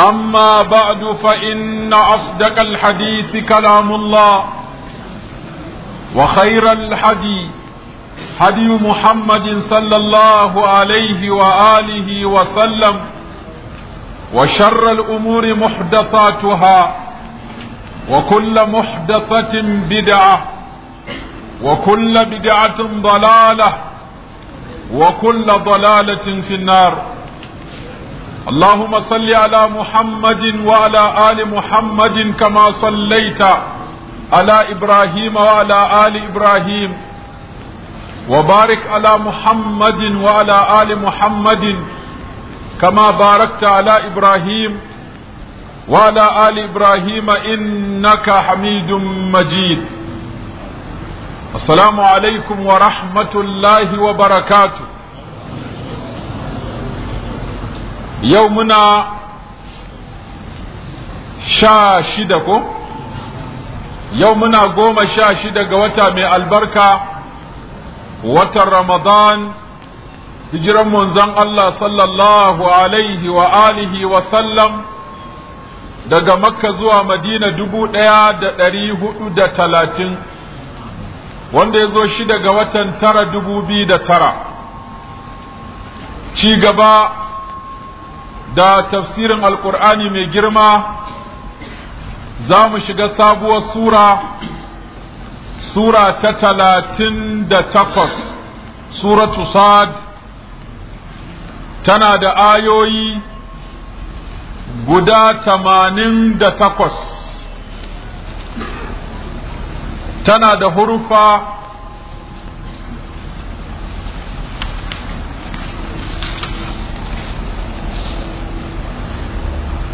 أما بعد فإن أصدق الحديث كلام الله وخير الحدي حدي محمد صلى الله عليه وآله وسلم وشر الأمور محدثاتها وكل محدثة بدعة وكل بدعة ضلالة وكل ضلالة في النار اللهم صل على محمد وعلى آل محمد كما صليت على إبراهيم وعلى آل إبراهيم وبارك على محمد وعلى آل محمد كما باركت على إبراهيم وعلى آل إبراهيم إنك حميد مجيد السلام عليكم ورحمة الله وبركاته yau muna sha shida ko yau muna goma sha shida ga wata mai albarka watan ramadan hijiran manzon Allah sallallahu alaihi wa alihi wa sallam daga makka zuwa madina dubu ɗaya da ɗari hudu da talatin wanda ya zo shida ga watan tara dubu biyu da tara ci gaba da tafsirin alkur'ani mai girma za mu shiga sabuwar sura sura ta talatin da takwas suratu sad tana da ayoyi guda tamanin da takwas tana da hurufa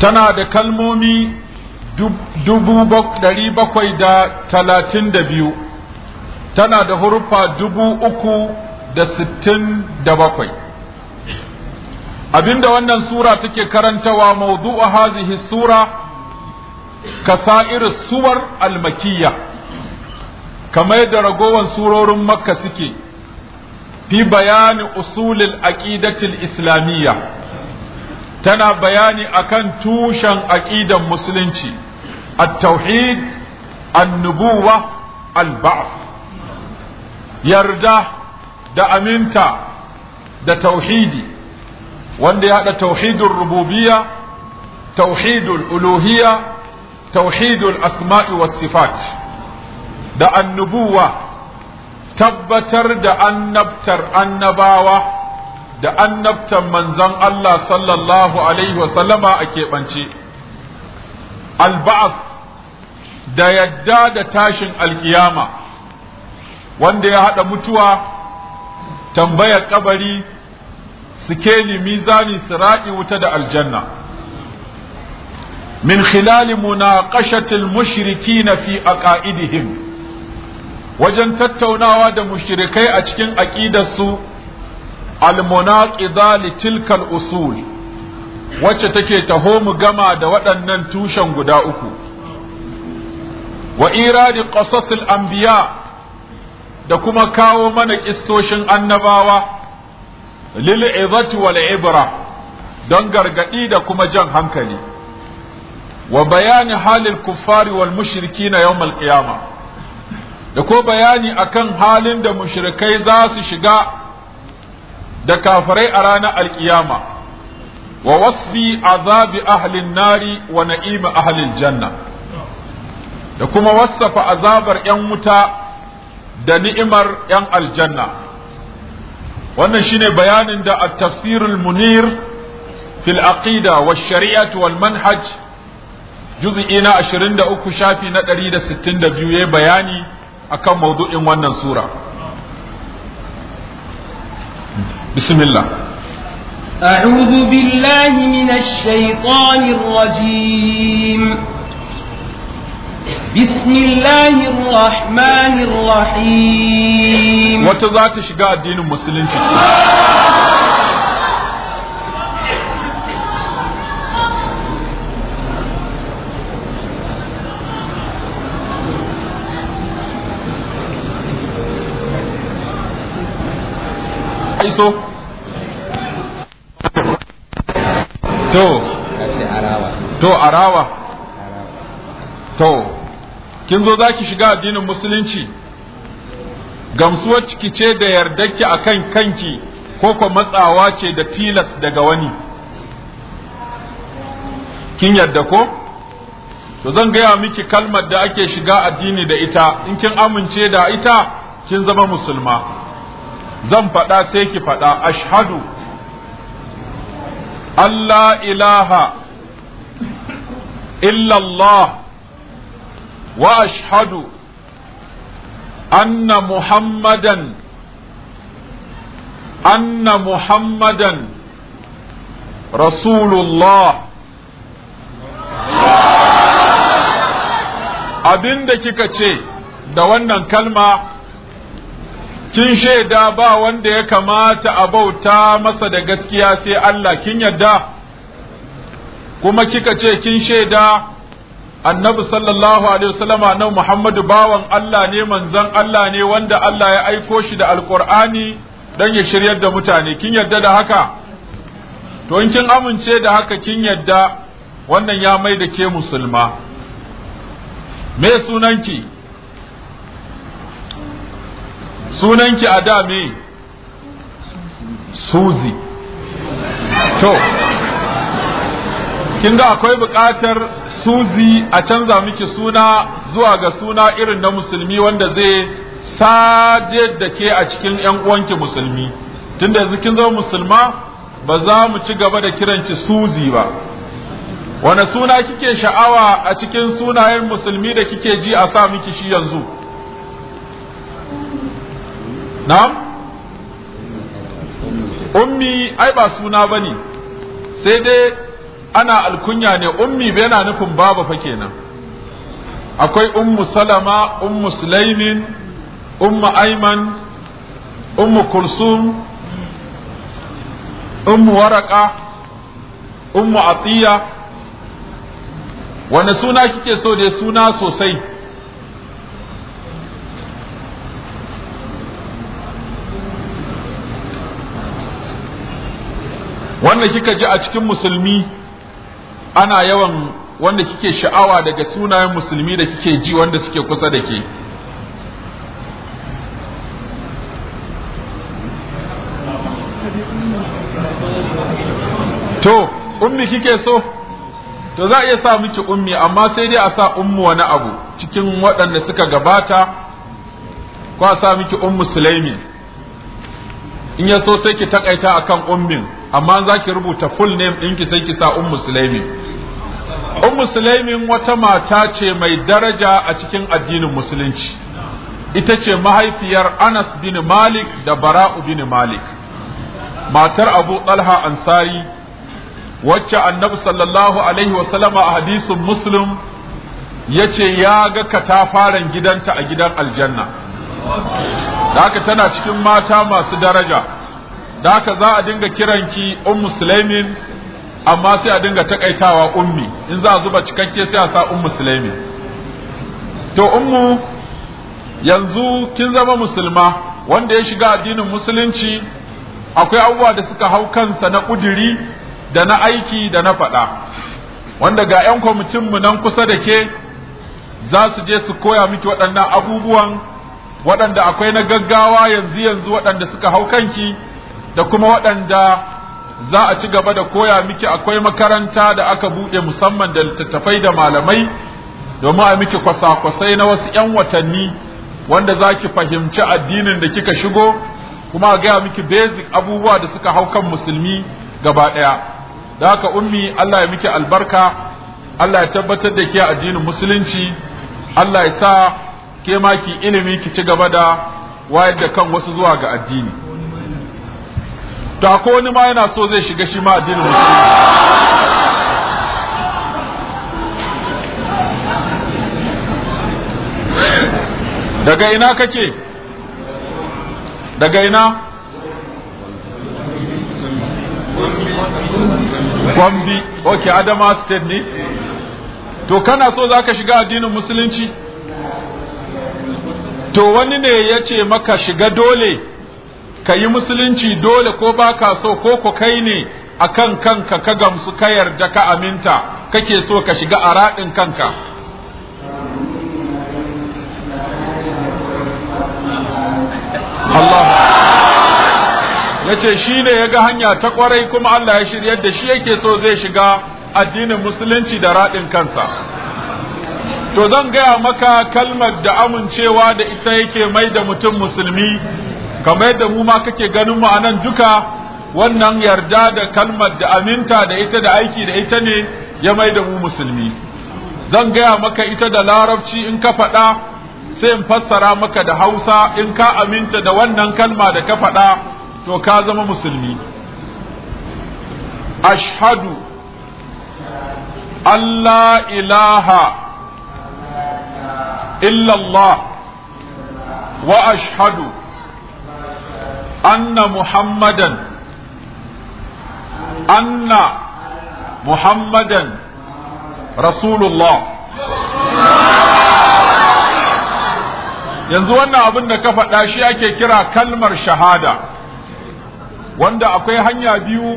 tana da kalmomi dubu dari bakwai da talatin da biyu tana da huruffa dubu uku da sittin da bakwai abinda wannan sura take karantawa mawdu'u hazihi sura kasa'ir suwar almakiyya kamar yadda ragowar surorin makka suke fi bayani usulil aqidatil islamiyya tana bayani akan tushen aqidan musulunci at-tauhid an al-ba'th yarda da aminta da tauhidi wanda ya haɗa tauhidul rububiyya tauhidul uluhiyya tauhidul asma'i was sifat da annubuwa tabbatar da annabtar annabawa da annabtan manzon Allah sallallahu alaihi wasallama a keɓance alba'af da yadda da tashin alkiyama wanda ya haɗa mutuwa tambayar kabari sikeli mizani siraɗi wuta da aljanna min khilali munaqashatil mushrikina fi a aqaidihim wajen tattaunawa da mushrikai a cikin aqidarsu almunaqida li tilkal usul wacce take taho mu gama da waɗannan tushen guda uku wa iradi qasasil anbiya da kuma kawo mana kistoshin annabawa lil izati wal ibra don gargadi da kuma jan hankali wa bayani halin kuffari wal na yawmal qiyamah da ko bayani akan halin da mushrikai za su shiga da kafirai a ranar alkiyama wa wasfi azabi ahlin nari wa na'imi ahlin janna da kuma wasafa azabar 'yan wuta da ni'imar 'yan aljanna wannan shine bayanin da at-tafsirul munir fil aqida wa shari'at wal manhaj juz'i na 23 shafi na 162 yayi bayani akan mawdu'in wannan sura بسم الله أعوذ بالله من الشيطان الرجيم بسم الله الرحمن الرحيم وتزات شقاء الدين iso to to arawa to kin zo zaki shiga addinin musulunci gamsuwar ciki ce da yardarki akan kanki ko ko matsawa ce da tilas daga wani kin yarda ko to zan gaya miki kalmar da ake shiga addini da ita in kin amince da ita kin zama musulma zan faɗa sai ki faɗa ashhadu Allah ilaha illallah wa ashadu, anna muhammadan anna muhammadan rasulullah Abinda kika ce da wannan kalma kin shaida ba wanda ya kamata a bauta masa da gaskiya sai Allah kin yadda kuma kika ce kin shaida annabi sallallahu alaihi wasallama na Muhammadu bawan Allah ne manzon Allah ne wanda Allah ya aiko shi da alkur'ani don ya shiryar da mutane kin yadda da haka to in kin amince da haka kin yadda wannan ya mai da ke musulma me sunanki sunanki a da me suzi to kin ga akwai buƙatar suzi a canza miki suna zuwa ga suna irin na musulmi wanda zai saje da ke a cikin ‘yan uwanki musulmi tunda yanzu kin zama musulma ba za mu ci gaba da kiranki suzi ba wane suna kike sha'awa a cikin sunayen musulmi da kike ji a sa miki shi yanzu Na? ummi ai ba suna bane sai dai ana alkunya ne ummi bai yana nufin baba fa kenan akwai ummu salama ummu sulaimin ummu aiman ummu kulsum ummu waraka ummu atiya wani suna kike so dai suna sosai wanda kika ji a cikin musulmi ana yawan wanda kike sha'awa daga sunayen musulmi da kike ji wanda suke kusa da ke to ummi kike so to za a iya sa miki ummi amma sai dai a sa ummu wani abu cikin waɗanda suka gabata ko a sa miki ummu sulaimi in ya so sai ki takaita akan ummin amma za ki rubuta full name ɗinki sai ki sa ummu sulaimin ummu sulaimin wata mata ce mai daraja a cikin addinin musulunci ita ce mahaifiyar anas bin malik da bara'u bin malik matar abu talha ansari wacce annabi sallallahu alaihi wasallama a hadisin muslim ya ce ya ga katafaren gidanta a gidan aljanna da haka tana cikin mata masu daraja da haka za a dinga kiranki ummu sulaimin amma sai a dinga takaitawa ummi in za a zuba cikakke sai a sa ummu sulaimin to ummu yanzu kin zama musulma wanda ya shiga addinin musulunci akwai abubuwa da suka hau kansa na ƙudiri da na aiki da na faɗa wanda ga 'yan mu nan kusa da ke za su je su koya miki waɗannan abubuwan waɗanda akwai na gaggawa yanzu yanzu waɗanda suka hau kanki da kuma waɗanda za a ci gaba da koya miki akwai makaranta da aka buɗe musamman da littattafai da malamai domin a miki kwasa-kwasai na wasu 'yan watanni wanda za ki fahimci addinin da kika shigo kuma a gaya miki basic abubuwa da suka hau kan musulmi gaba ɗaya da haka ummi Allah ya miki albarka Allah ya tabbatar da ke addinin musulunci Allah ya sa ke ma ki ilimi ki ci gaba da wayar da kan wasu zuwa ga addini to ko wani ma yana so zai shiga shi ma addinin musulmi daga ina kake daga ina Kwambi, ok, Adama State ne? To, kana so za ka shiga addinin Musulunci? To, wani ne ya ce maka shiga dole ka yi musulunci dole ko ba ka so ko ko kai ne a kan kanka ka gamsu ka yarda ka aminta kake so ka shiga a raɗin kanka Allah ya ce shi ne ya ga hanya ta kwarai kuma Allah ya shirya da shi yake so zai shiga addinin musulunci da raɗin kansa to zan gaya maka kalmar da amincewa da ita yake mai da mutum musulmi kamar yadda mu ma kake ganin mu anan duka wannan yarda da kalmar da aminta da ita da aiki da ita ne ya mai da mu musulmi zan gaya maka ita da larabci in ka faɗa sai in fassara maka da hausa in ka aminta da wannan kalma da ka faɗa to ka zama musulmi ashadu Allah ilaha illallah wa ashhadu anna muhammadan anna muhammadan rasulullah yanzu wannan abin da ka faɗa shi ake kira kalmar shahada wanda akwai hanya biyu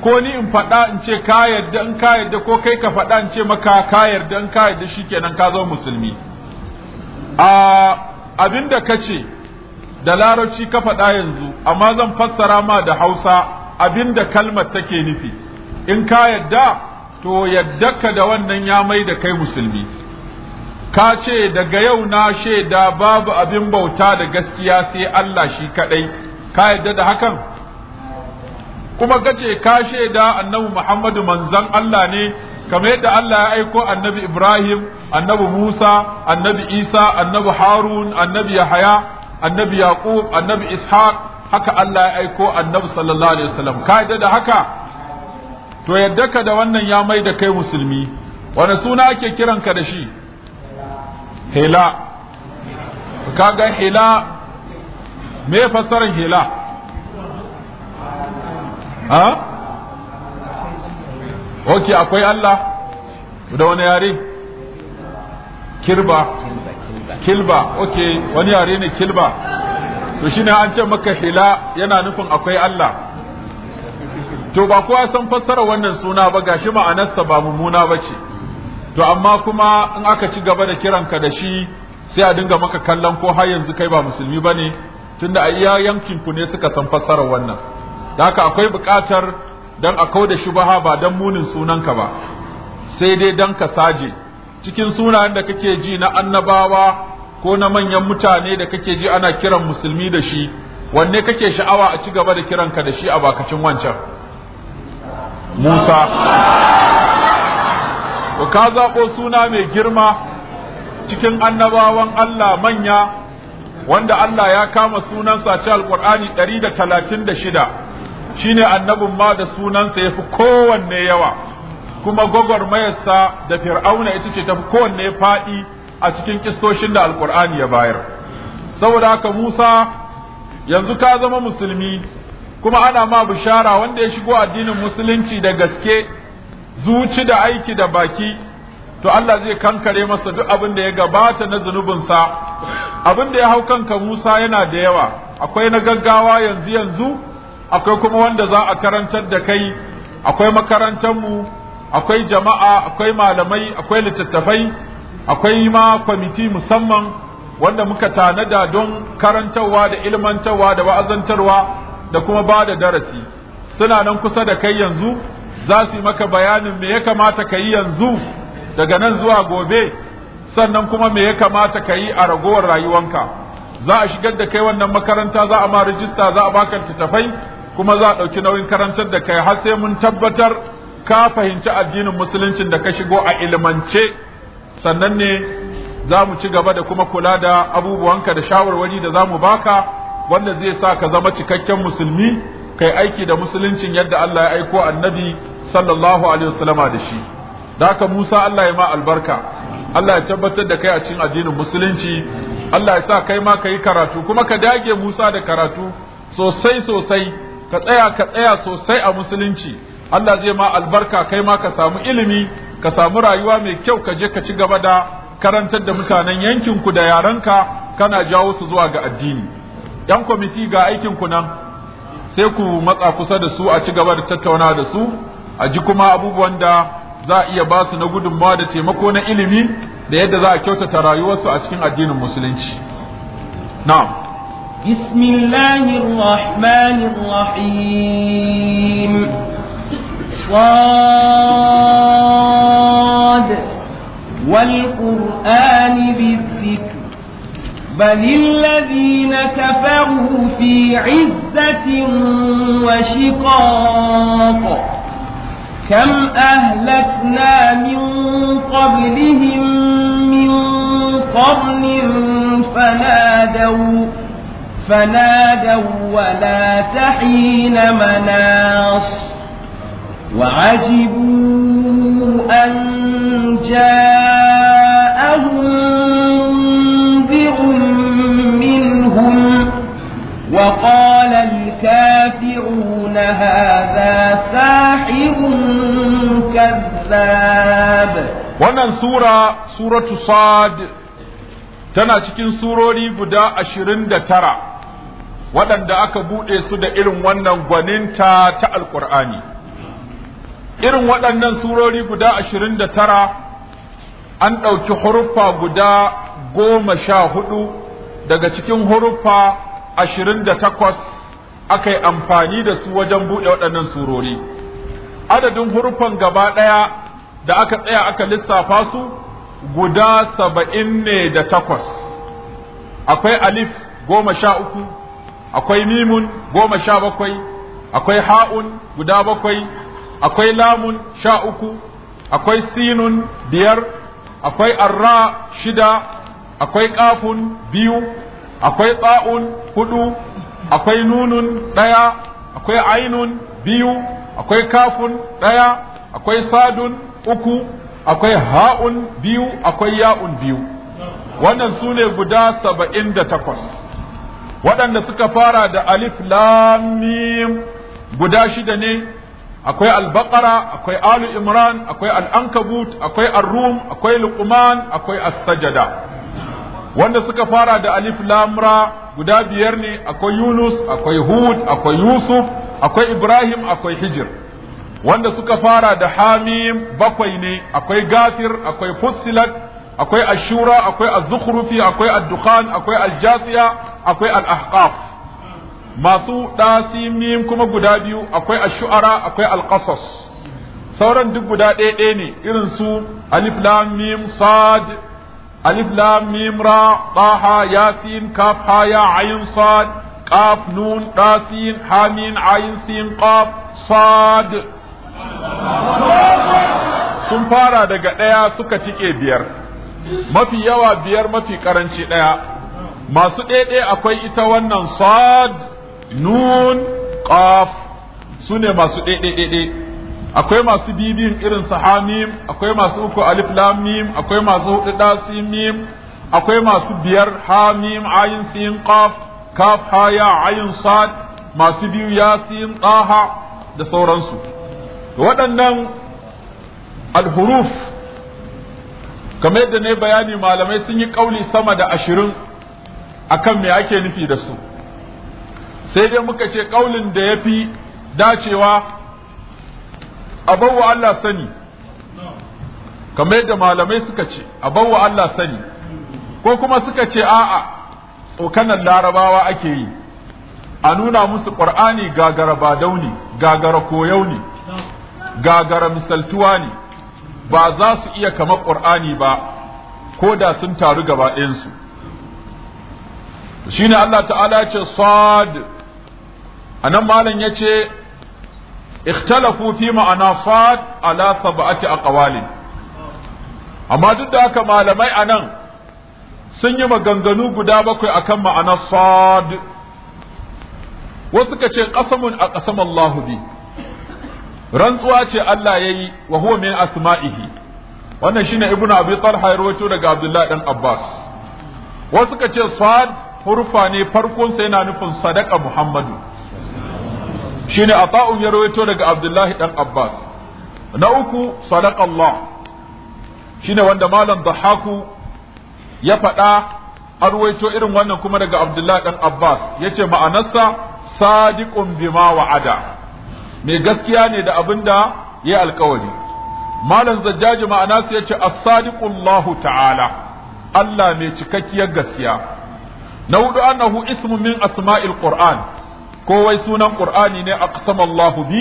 ko ni in faɗa in ce ka yarda in ka yarda ko kai ka faɗa in ce maka ka yarda in ka yarda kenan ka zo musulmi a ah, abin da ka ce da larabci ka faɗa yanzu amma zan fassara ma da hausa abinda kalmar take nufi in ka yadda to yaddaka da wannan ya mai da kai musulmi ka ce daga yau na shaida babu abin bauta da gaskiya sai Allah shi kaɗai ka yadda da hakan kuma gace ka shaida annabi Muhammadu manzon Allah ne kamar yadda Allah ya aiko annabi Ibrahim annabi Musa annabi Isa annabi Harun annabi Yahaya annabi yaqub annabi ishaq haka Allah ya aiko annabi sallallahu alaihi wasallam ka yadda da haka to yadda ka da wannan ya mai da kai musulmi wani suna ake kiranka da shi hila ga hila me fasarar hila ha ok akwai Allah da wani yare kirba kilba ok wani yare ne kilba to shi ne an ce maka hila yana nufin akwai Allah to ba kowa san fassara wannan suna ba gashi ma'anarsa ba mumuna ba ce to amma kuma in aka ci gaba da kiranka da shi sai a dinga maka kallon ko har yanzu kai ba musulmi ba ne tunda a iya yankin ku ne suka san fassara wannan da haka akwai buƙatar dan a kauda shubaha ba dan munin sunanka ba sai dai dan ka saje cikin sunayen da kake ji na annabawa ko na manyan mutane da kake ji ana kiran musulmi da shi wanne kake sha'awa a ci gaba da kiranka da shi a bakacin wancan Musa ka zaɓo suna mai girma cikin annabawan Allah manya wanda Allah ya kama sunansa ci alƙur'ani ɗari da talatin da shida shine annabin ma da sunansa ya fi kowanne yawa kuma gwagwarmayarsa da fir'auna ita ce ta kowanne faɗi a cikin kistoshin da alkur'ani ya bayar saboda haka musa yanzu ka zama musulmi kuma ana ma bishara wanda ya shigo addinin musulunci da gaske zuci da aiki da baki to Allah zai kankare masa duk abin da ya gabata na zunubinsa abin da ya hau kanka musa yana da yawa akwai na gaggawa yanzu yanzu akwai kuma wanda za a karantar da kai akwai makarantar mu akwai jama'a akwai malamai akwai littattafai akwai ma kwamiti musamman wanda muka tanada don karantarwa da ilmantarwa da wa'azantarwa da kuma ba da darasi suna nan kusa da kai yanzu za su yi maka bayanin me ya kamata ka yi yanzu daga nan zuwa gobe sannan kuma me ya kamata ka yi a ragowar rayuwanka za a shigar da kai wannan makaranta za a ma rijista za a baka littattafai kuma za a ɗauki nauyin karantar da kai har sai mun tabbatar ka fahimci addinin musuluncin da ka shigo a ilimance sannan ne za mu ci gaba da kuma kula da abubuwanka da shawarwari da za mu baka wanda zai sa ka zama cikakken musulmi kai aiki da musuluncin yadda Allah ya aiko annabi sallallahu alaihi wasallama da shi da haka Musa Allah ya ma albarka Allah ya tabbatar da kai a cikin addinin musulunci Allah ya sa kai ma ka yi karatu kuma ka dage Musa da karatu sosai sosai ka tsaya ka tsaya sosai a musulunci Allah zai ma albarka kai ma ka samu ilimi ka samu rayuwa mai kyau ka je ka ci gaba da karantar da mutanen yankin ku da yarenka kana jawo su zuwa ga addini yan kwamiti ga aikin ku nan sai ku matsa kusa da su a ci gaba da tattauna da su a ji kuma abubuwan da za a iya ba su na gudunmawa da taimako na ilimi da yadda za a kyautata rayuwarsu a cikin addinin musulunci na'am bismillahir rahmanir rahim صاد والقرآن بالذكر بل الذين كفروا في عزة وشقاق كم أهلكنا من قبلهم من قرن فنادوا فنادوا ولا تحين مناص وعجبوا أن جاءهم منذر منهم وقال الكافرون هذا ساحر كذاب wannan sura suratu sad tana cikin surori guda ashirin da tara waɗanda aka buɗe su da irin wannan gwaninta ta alƙur'ani irin waɗannan surori guda ashirin da tara an ɗauki huruffa guda goma sha hudu daga cikin huruffa ashirin da takwas aka yi amfani da su wajen buɗe waɗannan surori adadin huruffan gaba ɗaya da aka tsaya aka lissafa su guda saba'in ne da takwas akwai alif goma sha uku akwai mimun goma sha bakwai akwai ha'un guda bakwai akwai lamun sha uku akwai sinun biyar akwai arra shida akwai kafun biyu akwai tsa'un hudu akwai nunun ɗaya akwai ainun biyu akwai kafun ɗaya akwai sadun uku akwai ha'un biyu akwai ya'un biyu wannan su ne guda saba'in da takwas waɗanda suka fara da alif lamim guda shida ne akwai albakara akwai alu imran akwai al'ankabut akwai arrum akwai luqman akwai asajada wanda suka fara da alif lamra guda biyar ne akwai yunus akwai hud akwai yusuf akwai ibrahim akwai hijir. wanda suka fara da hamim bakwai ne akwai gafir akwai fussilat akwai ashura akwai az akwai ad-dukhan akwai aljasiya akwai al-ahqaf masu ɗasimim kuma guda biyu akwai ashu'ara akwai alƙasas sauran duk guda ɗaya ne irin su alif lam mim sad alif lam mim ra taha yasin kaf ha ya ayin sad qaf nun dasin hamin ayin sin qaf sad sun fara daga ɗaya suka tike biyar mafi yawa biyar mafi karanci ɗaya masu ɗaiɗai akwai ita wannan sad nun qaf su ne masu ɗaiɗaiɗaiɗe akwai masu bibin irin su hamim akwai masu uku alif lam mim akwai masu hudu dasin mim akwai masu biyar hamim ayin sin qaf kaf haya ayin sad masu biyu yasin qaha da sauransu waɗannan alhuruf kamar yadda ne bayani malamai sun yi kauli sama da ashirin akan me ake nufi da su sai dai muka ce ƙaunin da ya fi dacewa a Allah sani kamar yadda malamai suka ce a Allah sani ko kuma suka ce a'a tsokanar larabawa ake yi a nuna musu ƙur'ani gagara badau ne gagara koyau ne gagara misaltuwa ne ba za su iya kama ƙur'ani ba ko da sun taru gaba ɗayansu ne Allah ta'ala ce sad anan malam yace ikhtalafu fi fat ala sab'ati aqwalin amma duk da haka malamai anan sun yi maganganu guda bakwai akan ma'ana sad wasu ka ce qasamun a qasam bi rantsuwa ce Allah yayi wa huwa min asma'ihi wannan shine ibnu abi talha ya rawaito daga abdullahi dan abbas wasu kace fad sad ne farkon sai yana nufin sadaka muhammadu shine ata'un ya rawaito daga abdullahi dan abbas na uku sadaqallah shine wanda malam Zahaku ya faɗa a rawaito irin wannan kuma daga abdullahi ɗan abbas Ya ce ma'anarsa sadiqun bima wa'ada mai gaskiya ne da abin da ya alkawari malam zajjaji ma'anarsa yace as-sadiqullahu ta'ala Allah mai cikakkiyar gaskiya na hudu annahu ismu min asma'il qur'an ko wai sunan qur'ani ne aqsama Allah bi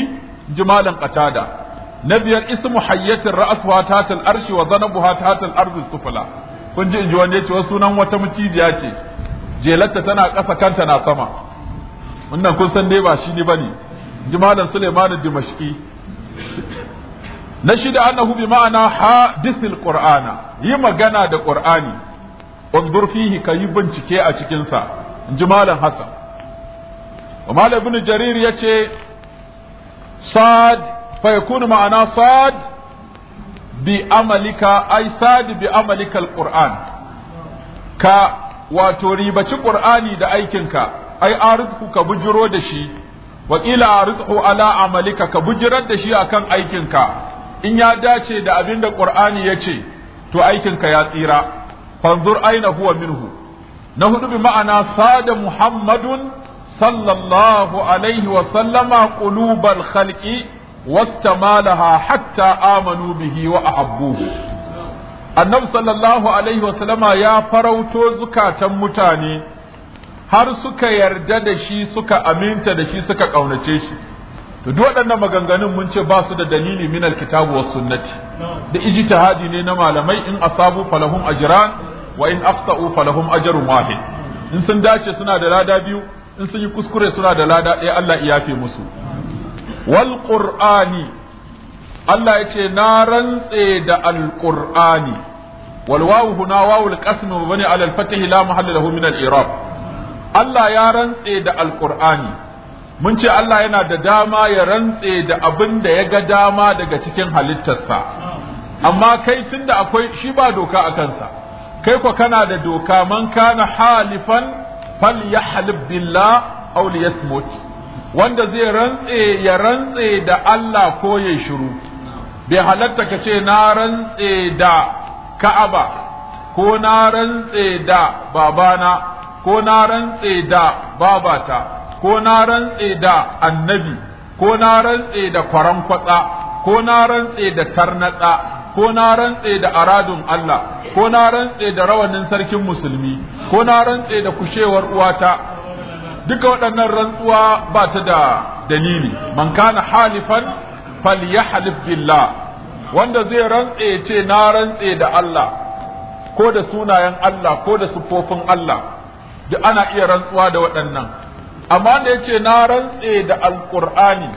jimalan qatada na biyar ismu hayyatin wa tatal arshi wa zanabuha tatal ardi sufla kun ji inji wanda yace sunan wata mucijiya ce jelarta tana ƙasa kanta na sama wannan kun san dai ba shi ne bane jimalan Sulaiman Dimashqi na shida annahu bi ma'ana hadisil qur'ana yi magana da qur'ani wanzur fihi kayi bincike a cikin sa jimalan Hassan ومال ابن جرير يتي ma'ana فيكون معنا صاد بعملك أي صاد بعملك القرآن ka wato ribaci ƙur'ani da aikinka ai arzku ka bujiro da shi wakila arzku ala amalika ka bujirar da shi akan aikinka in ya dace da abin da ƙur'ani ya ce to aikinka ya tsira fanzur aina huwa minhu na hudu bi ma'ana sada muhammadun صلى الله عليه وسلم قلوب الخلق واستمالها حتى آمنوا به وأحبوه annabi sallallahu alaihi wasallama ya farauto zukatan mutane har suka yarda da shi suka aminta da shi suka ƙaunace shi to duk waɗannan maganganun mun ce ba su da dalili min alkitabu was sunnati da ijtihadi ne na malamai in asabu falahum ajran wa in afsa'u falahum ajrun wahid in sun dace suna da lada biyu in sun yi kuskure suna da lada ɗaya eh, Allah ya yafe musu wal qur'ani Allah ya ce na rantse da Alƙur'ani qur'ani wal wawu huna wawul qasm bani al fatih la mahalla lahu min al Allah ya rantse da al mun ce Allah yana da dama ya rantse da abin da ya ga dama daga cikin halittarsa amma kai tun da akwai shi ba doka a kansa kai ko kana da doka man kana halifan fal yahlib billah aw liyasmut wanda zai rantse ya rantse da Allah ko ya shiru bai halatta ka ce na rantse da Ka'aba ko na rantse da babana ko na rantse da babata ko na rantse da annabi ko na rantse da kwarankwatsa ko na rantse da tarnatsa ko na rantse da aradun Allah ko na rantse da rawanin sarkin musulmi ko na rantse da kushewar uwata duka waɗannan rantsuwa ba ta da dalili man kana halifan falyahlif billah wanda zai rantse ce na rantse da Allah ko da sunayen Allah ko da sufofin Allah duk ana iya rantsuwa da waɗannan amma da ce na rantse da alqur'ani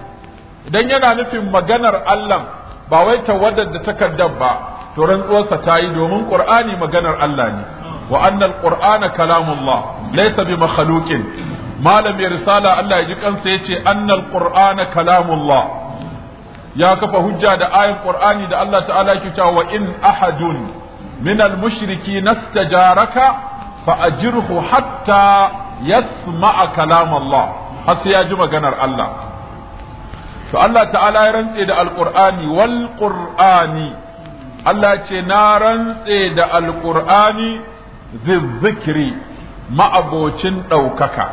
dan yana nufin maganar Allah ba wai tawaddar da takardar ba to rantsuwarsa ta yi domin qur'ani maganar Allah ne wa annal qur'ana kalamullah laysa bi makhluqin malam ya risala Allah ya ji kansa yace annal qur'ana kalamullah ya kafa hujja da ayin qur'ani da Allah ta'ala yake cewa wa in ahadun min al mushriki nastajaraka fa ajirhu hatta yasma'a kalam Allah har sai ya ji maganar Allah to Allah ta'ala ya rantse da alqur'ani wal qur'ani Allah ce na rantse da alqur'ani zizzikri ma'abocin ɗaukaka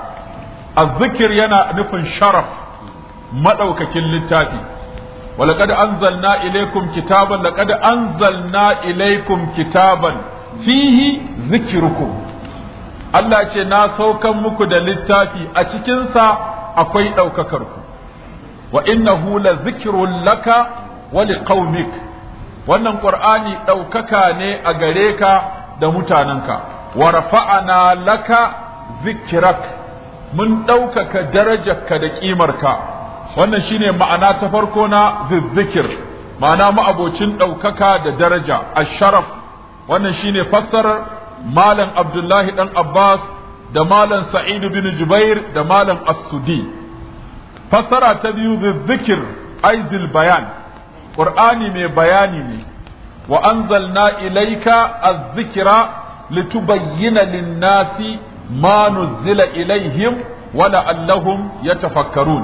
azzikir yana nufin sharaf maɗaukakin littafi ولقد أنزلنا إليكم كتابا an أنزلنا 'Ilaikum kitaban, فيه ذكركم Allah ce na saukan muku da littafi a cikinsa akwai ɗaukakarku. wa na hula zikrun laka wa wannan qur'ani ɗaukaka ne a gare ka da mutanenka wa rafa'ana laka zikirak mun ɗaukaka darajarka da ƙimarka. wannan shine ma'ana ta farko na zikr ma'ana ma'abocin ɗaukaka da daraja asharaf wannan shine fassarar malam abdullahi dan abbas da malam sa'idu bin jubair da malam as-sudi fassara ta biyu zikir aizil bayan ƙur'ani mai bayani ne wa ilaika ilayka az-zikra litubayyana lin-nasi ma nuzila ilaihim wa la'allahum yatafakkarun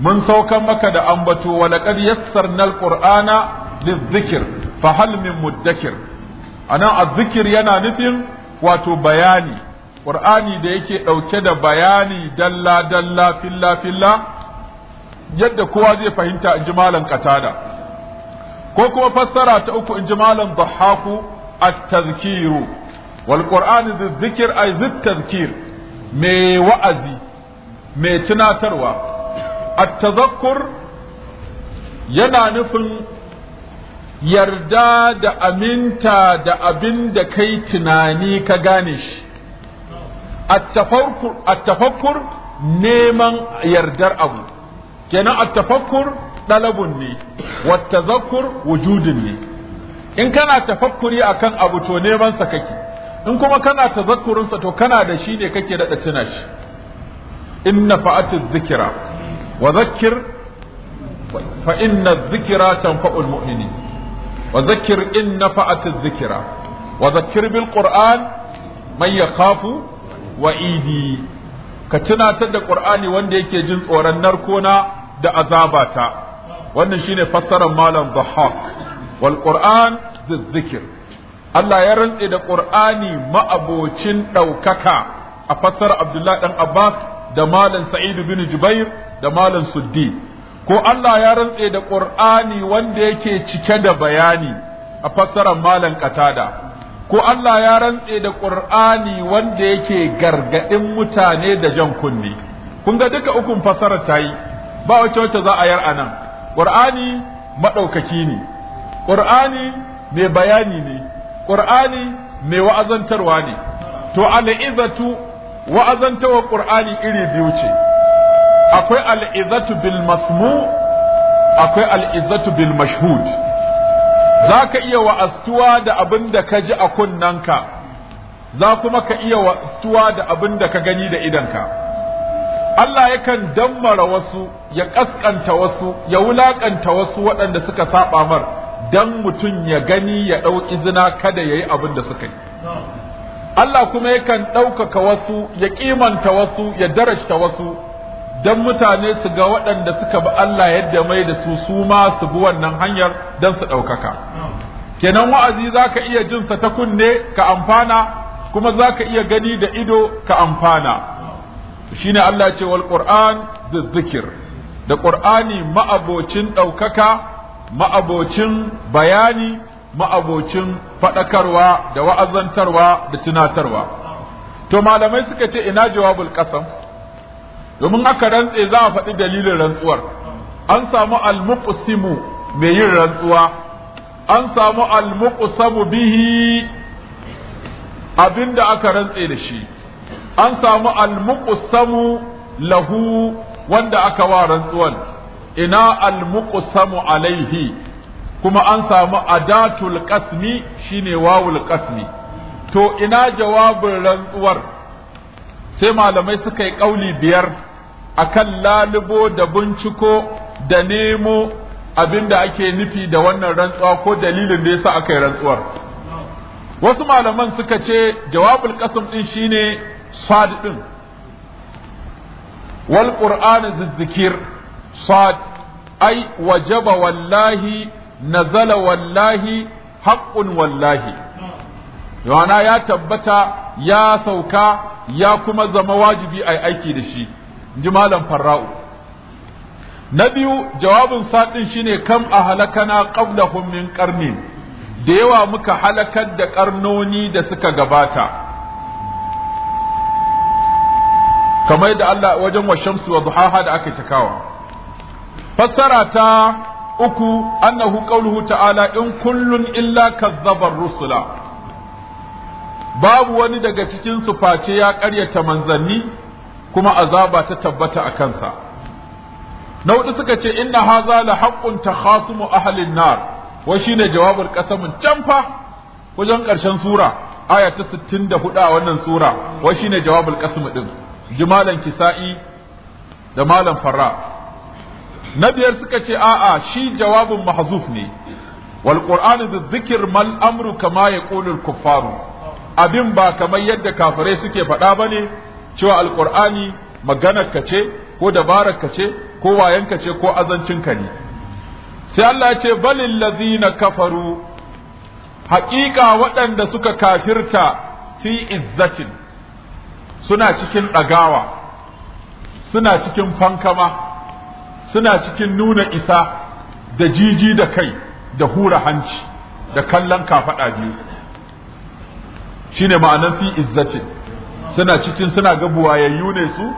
mun saukan maka da ambato wa laqad yassarna al-qur'ana fa hal min muddakir anan az yana nufin wato bayani qur'ani da yake dauke da bayani dalla dalla filla filla yadda kowa zai fahimta in ji malam katada ko kuma fassara ta uku in ji malam dhahaku at-tazkiru wal qur'an dhikr ay tazkir me wa'azi me tunatarwa at tadhakkur yana nufin yarda da aminta da abin da kai tunani ka gane shi at-tafakkur neman yardar abu kenan at-tafakkur dalabun ne wata tazakkur wujudun ne in kana tafakkuri akan abu to neman sa kake in kuma kana tazakkurin sa to kana da shi ne kake da tuna shi inna fa'atu dhikra wa dhakkir fa inna dhikra tanfa'ul mu'minin wa dhakkir inna fa'atu dhikra wa bil qur'an man yakhafu wa'idi ka tunatar da qur'ani wanda yake jin tsoron narkona da azabata wannan shine fassarar malam dhahak wal qur'an Allah ya rantse da qur'ani ma'abocin ɗaukaka a fassarar Abdullah dan Abbas da malam Sa'id bin Jubair da malam Suddi ko Allah ya rantse da qur'ani wanda yake cike da bayani a fassarar malam Qatada ko Allah ya rantse da Qur'ani wanda yake gargadin mutane da jan kunne kun ga duka ukun fasarar ta yi ba wacce wacce za a yar a nan ƙur'ani maɗaukaki ne ƙur'ani mai bayani ne ƙur'ani mai wa'azantarwa ne to al'izatu wa'azantawa ƙur'ani iri biyu ce akwai al'izatu bil masmu akwai al'izatu bil mashhud za ka iya wa'astuwa da abin da ka ji a kunnanka za kuma ka iya wa'astuwa da abin da ka gani da idanka Allah yakan dammara wasu ya ƙasƙanta wasu ya wulaƙanta wasu waɗanda suka saɓa mar dan mutum ya gani ya ɗau zina kada ya yi abin da suka yi Allah kuma yakan ɗaukaka wasu ya ƙimanta wasu ya darajta wasu dan mutane su ga waɗanda suka bi Allah yadda mai da su su ma su bi wannan hanyar dan su ɗaukaka kenan wa'azi za ka iya jinsa ta kunne ka amfana kuma za ka iya gani da ido ka amfana shine Allah ce wal qur'an zikir, da ƙur'ani ma'abocin ɗaukaka ma'abocin bayani ma'abocin faɗakarwa da wa'azantarwa da tunatarwa to malamai suka ce ina jawabul qasam domin aka rantse za a faɗi dalilin rantsuwar an samu almuqsimu mai yin rantsuwa an samu almuqsamu bihi abinda aka rantse da shi an samu almuqsamu lahu wanda aka wa rantsuwan ina almuqsamu alaihi kuma an samu adatul qasmi shine wawul qasmi to ina jawabin rantsuwar sai malamai suka yi kauli biyar akan lalubo da binciko da nemo abinda ake nufi da wannan rantsuwa ko dalilin da yasa aka yi rantsuwar wasu malaman suka ce jawabul qasm din shine sad din wal qur'an zikir sad ai wajaba wallahi nazala wallahi haqqun wallahi yana ya tabbata ya sauka ya kuma zama wajibi ai aiki da shi ji malam farra'u na biyu jawabin sadin shine kam a halakana qablahum min qarnin da yawa muka halakar da karnoni da suka gabata kamar da Allah wajen wa shamsu wa duhaha da aka takawa fassara ta uku annahu qawluhu ta'ala in kullun illa kazzabar rusula babu wani daga cikin su face ya ƙaryata manzanni kuma azaba ta tabbata a kansa na hudu suka ce inna haza la haqqun takhasumu ahlin nar wa shine jawabul qasamin can fa wajen karshen sura aya ta 64 a wannan sura wa shine jawabul qasim din ji kisa'i da malam farra na biyar suka ce a'a shi jawabin mahzuf ne wal qur'anu bi dhikr mal amru kama yaqulu al kuffar. abin ba kamar yadda kafirai suke faɗa ba ne? cewa Alƙur'ani maganar ka ce ko dabarar ka ce ko wayan ka ce ko azancin ka ne sai Allah ya ce balil ladzina kafaru haƙiƙa waɗanda suka kafirta fi izzatin suna cikin ɗagawa suna cikin fankama suna cikin nuna isa da jiji da kai da hura hanci da kallon kafaɗa biyu shine ma'anar fi izzati suna cikin suna ga buwayayyu ne su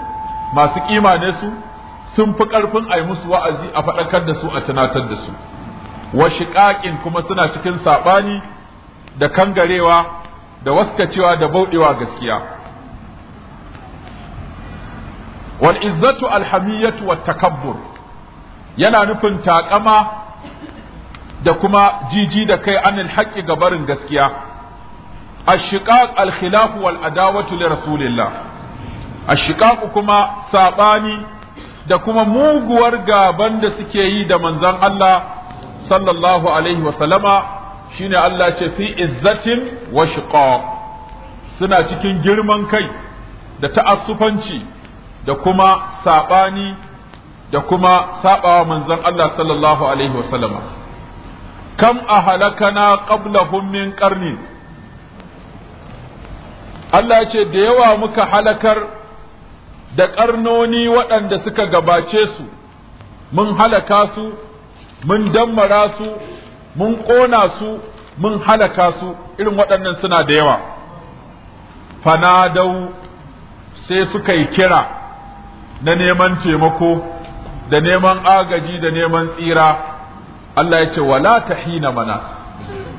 masu kima ne su sun fi ƙarfin a yi musu wa'azi a faɗakar da su a tunatar da su wa shiƙaƙin kuma suna cikin saɓani da kangarewa da waskacewa da bauɗewa gaskiya wal izzatu alhamiyatu wat takabbur yana nufin takama da kuma jiji da kai anil haqqi ga barin gaskiya ashiqaq alkhilaf wal adawatu li rasulillah ashiqaq kuma sabani da kuma muguwar gaban da suke yi da manzon Allah sallallahu alaihi wa sallama shine Allah ce fi izzatin wa shiqaq suna cikin girman kai da ta'assufanci da kuma saɓani da kuma saɓawa manzon Allah sallallahu alaihi wasallama kam a halakana qablahum min ƙarni Allah ce da yawa muka halakar da ƙarnoni waɗanda suka gabace su mun halaka su mun dammara su mun ƙona su mun halaka su irin waɗannan suna da yawa fanadau sai suka yi kira na neman taimako da neman agaji da neman tsira Allah ya ce wala tahina mana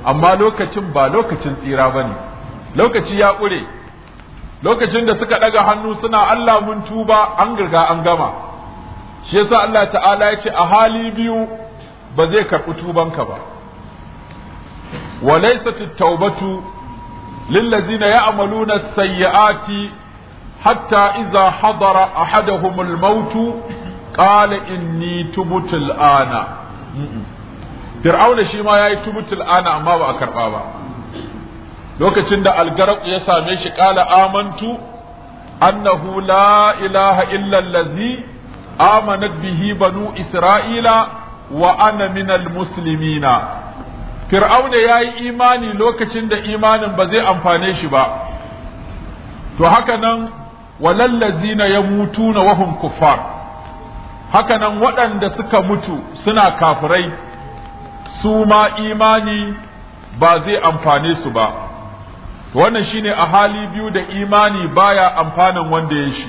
amma lokacin ba lokacin tsira bane lokaci ya ƙure lokacin da suka ɗaga hannu suna Allah mun tuba an riga an gama shi yasa Allah ta'ala ya ce a hali biyu ba zai karɓi tubanka ba وليست التوبة للذين يعملون السيئات hatta iza hadara a al-maut qala inni tubtu ana fir'auna shi ma yayi tubtu ana amma ba a karba ba lokacin da algarq ya same shi qala amantu annahu la ilaha illa bihi banu isra'ila wa musulmina. min al-muslimina fir'auna yayi imani lokacin da imanin ba zai amfane shi ba to haka nan walallazina yamutuna wa hum kuffar hakanan waɗanda suka mutu suna kafirai su ma imani ba zai amfane su ba wannan shine a hali biyu da imani baya amfanin wanda ya shi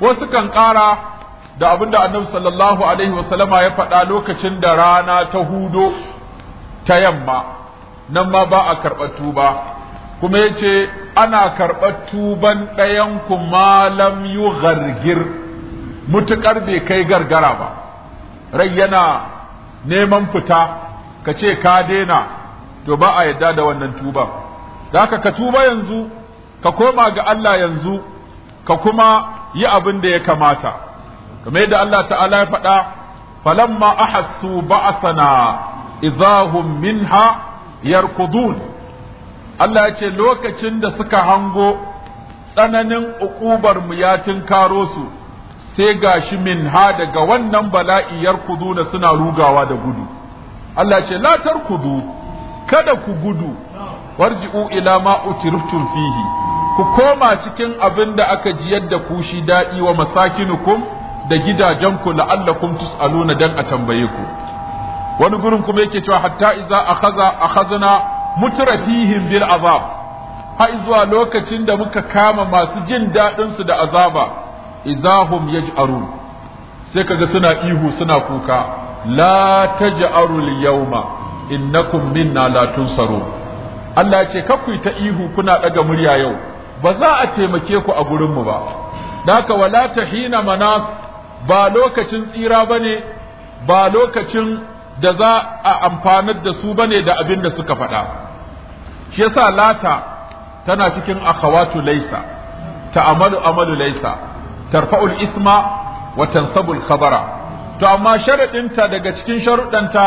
wasu kan ƙara da abinda annabi sallallahu alaihi wasallama ya faɗa lokacin da rana ta hudo ta yamma nan ma ba a karɓar tuba kuma ya ce ana karɓar tuban ɗayanku malam yu gargir mutuƙar bai kai gargara ba rai yana neman fita ka ce ka daina to ba a yadda da wannan tuban da haka ka tuba yanzu ka koma ga Allah yanzu ka kuma yi abin da ya kamata kamar yadda Allah ta'ala ya faɗa falamma ahassu ba'athana idahum minha yarkudun Allah ya ce lokacin da suka hango tsananin uƙubar mu ya tunkaro su sai gashi min ha daga wannan bala'i yarkudu na suna rugawa da gudu Allah ce la tarkudu kada ku gudu warji'u ila ma utirftum fihi ku koma cikin abin da aka ji yadda ku shi daɗi wa masakinukum da gidajen ku, la'allakum tus'aluna dan a tambaye ku wani gurin kuma yake cewa hatta iza akhadha akhadna mutrafihim bil azab har zuwa lokacin da muka kama masu jin daɗin su da azaba idahum yaj'aru sai kaga suna ihu suna kuka la taj'aru al yawma innakum minna la tunsaru Allah ce kakuyi ta ihu kuna daga murya yau ba za a taimake ku a gurin mu ba daka wala tahina manas ba lokacin tsira bane ba lokacin da za a amfanar da su bane da abin da suka faɗa shi yasa lata tana cikin akhawatu laisa ta'amalu amalu laisa tarfa'ul isma wa tansabul khabara to amma sharadinta daga cikin sharuɗanta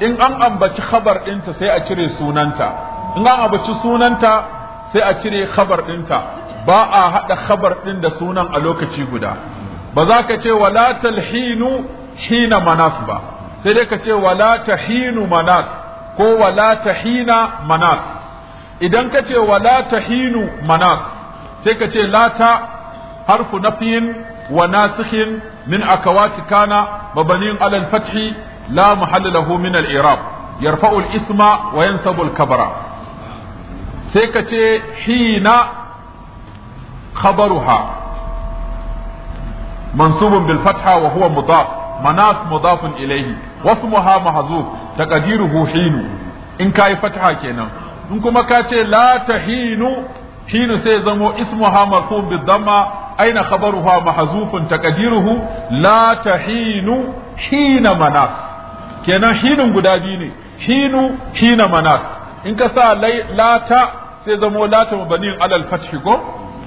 in an ambaci khabar ɗinta sai a cire sunanta in an ambaci sunanta sai a cire khabar ɗinta ba a haɗa khabar ɗin da sunan a lokaci guda ba za ka ce wala talhinu hina manas ba sai dai ka ce wala tahinu manas ko wala tahina manas idan ka ce wala tahinu manas sai ka ce lata harfu nafiyin wa nasikhin min akawati kana mabanin alal fathi la mahalla lahu min al i'rab yarfa'u al isma wa yansabu al sai ka ce hina khabaruha mansubun bil fatha wa huwa mudaf manas mudafun ilaihi wasmuha mahzuf taqdiruhu hinu in kai fataha kenan in kuma ka ce la tahinu hinu sai zamo ismuha marfu bi dhamma aina khabaruha mahzufun taqdiruhu la tahinu hina manas kenan hinun guda biyu ne hinu hina manas in ka sa la ta sai zamo la ta mabani alal fathi ko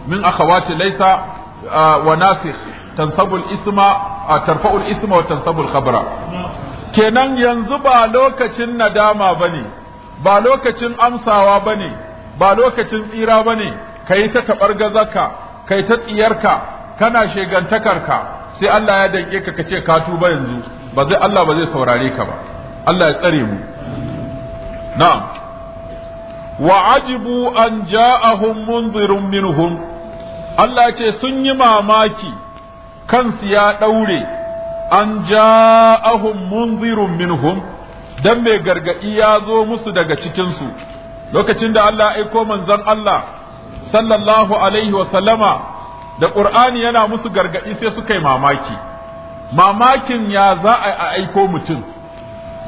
min akhawati laysa ah, wa nasikh tansabul isma a tarfa'ul isma wa tansabul khabara kenan yanzu ba lokacin nadama bane ba lokacin amsawa bane ba lokacin tsira bane kai ta tabar gazaka kai ta tsiyarka kana ka sai Allah ya danke ka kace ka tuba yanzu ba zai Allah ba zai saurare ka ba Allah ya tsare mu na'am wa ajibu an ja'ahum munzirun minhum Allah ce sun yi mamaki kansu ya ɗaure an ja'ahum munzirun minhum dan mai gargaɗi ya zo musu daga cikinsu lokacin da Allah aiko manzon Allah sallallahu alaihi wa sallama da Qur'ani yana musu gargaɗi sai suka yi mamaki mamakin ya za a aiko mutum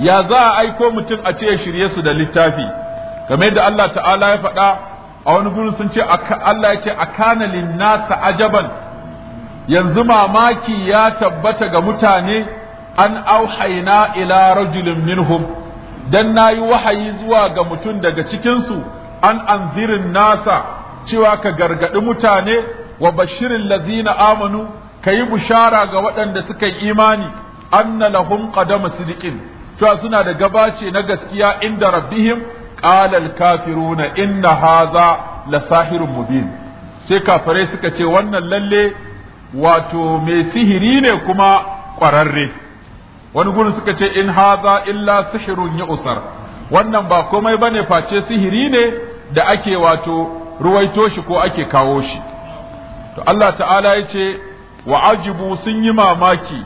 ya za a aiko mutum a ce ya shirye su da littafi game da Allah ta'ala ya faɗa a wani gurin sun ce Allah ya ce akana linnasa ajaban yanzu mamaki ya tabbata ga mutane an auhaina ila rajulin minhum dan nayi wahayi zuwa ga mutum daga cikinsu an anzirin nasa cewa ka gargaɗi mutane wa bashirin lazina amanu ka yi bushara ga waɗanda suka yi imani anna lahum qadama sidiqin cewa suna da gabace na gaskiya inda rabbihim qala al-kafiruna inna hadha la sahirun mubin sai kafare suka ce wannan lalle wato mai sihiri ne kuma ƙwararre wani gurin suka ce in haza illa sihirun ya usar wannan ba komai ba ne face sihiri ne da ake wato ruwaito shi ko ake kawo shi to Allah ta'ala ya ce wa ajibu sun yi mamaki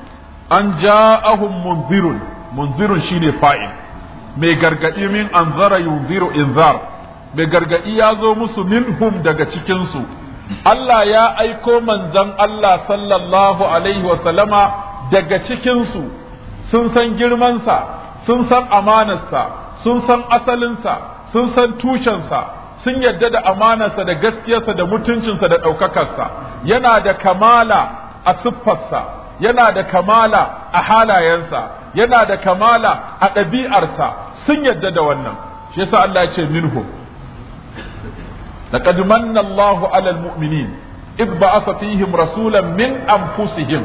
an ja'ahum munzirun munzirun shine fa'il mai gargadi min anzara yunziru inzar mai gargadi ya zo musu minhum daga cikinsu Allah ya aiko manzon Allah sallallahu alaihi wasallama daga cikinsu sun san girmansa sun san amanarsa sun san asalinsa sun san tushensa sun yadda da amanarsa da gaskiyarsa da mutuncinsa da ɗaukakarsa yana da kamala a siffarsa yana da kamala a halayensa yana da kamala a ɗabi'arsa sun yadda da wannan shi yasa Allah ce minhum laqad manna Allahu 'alal mu'minin id ba'atha fihim rasulan min anfusihim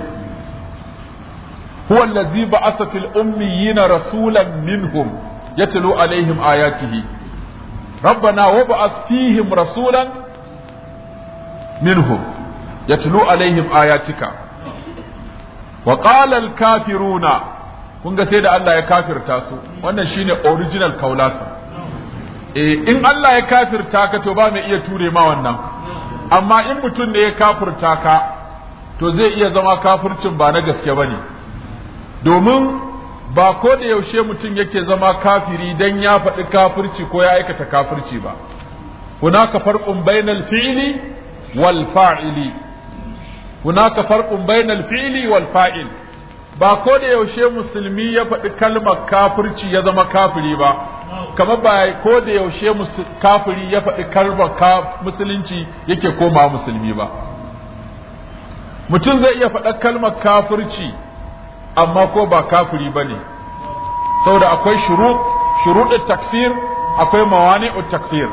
huwa allazi ba'atha fil ummiyina rasulan minhum yatlu 'alaihim ayatihi ربنا وابعث فيهم رسولا منهم يتلو عليهم آياتك وقال الكافرون kun ga sai da Allah ya kafirta su wannan shine original kaulasa Eh, in Allah ya kafirta ka to ba mai iya ture ma wannan amma in mutum ne ya kafirta ka to zai iya zama kafircin ba na gaske ne domin ba ko da yaushe mutum yake zama kafiri dan ya faɗi kafirci ko ya aikata kafirci ba hunaka farqun bainal fi'li wal fa'ili hunaka farqun bainal fi'li wal fa'il ba ko da yaushe musulmi ya faɗi kalmar kafirci ya zama kafiri ba kamar ba ko da yaushe kafiri ya faɗi karba ka musulunci yake koma musulmi ba mutum zai iya faɗa kalmar kafirci amma ko ba kafiri ba ne saboda akwai shuruɗin takfir akwai mawani'ut takfir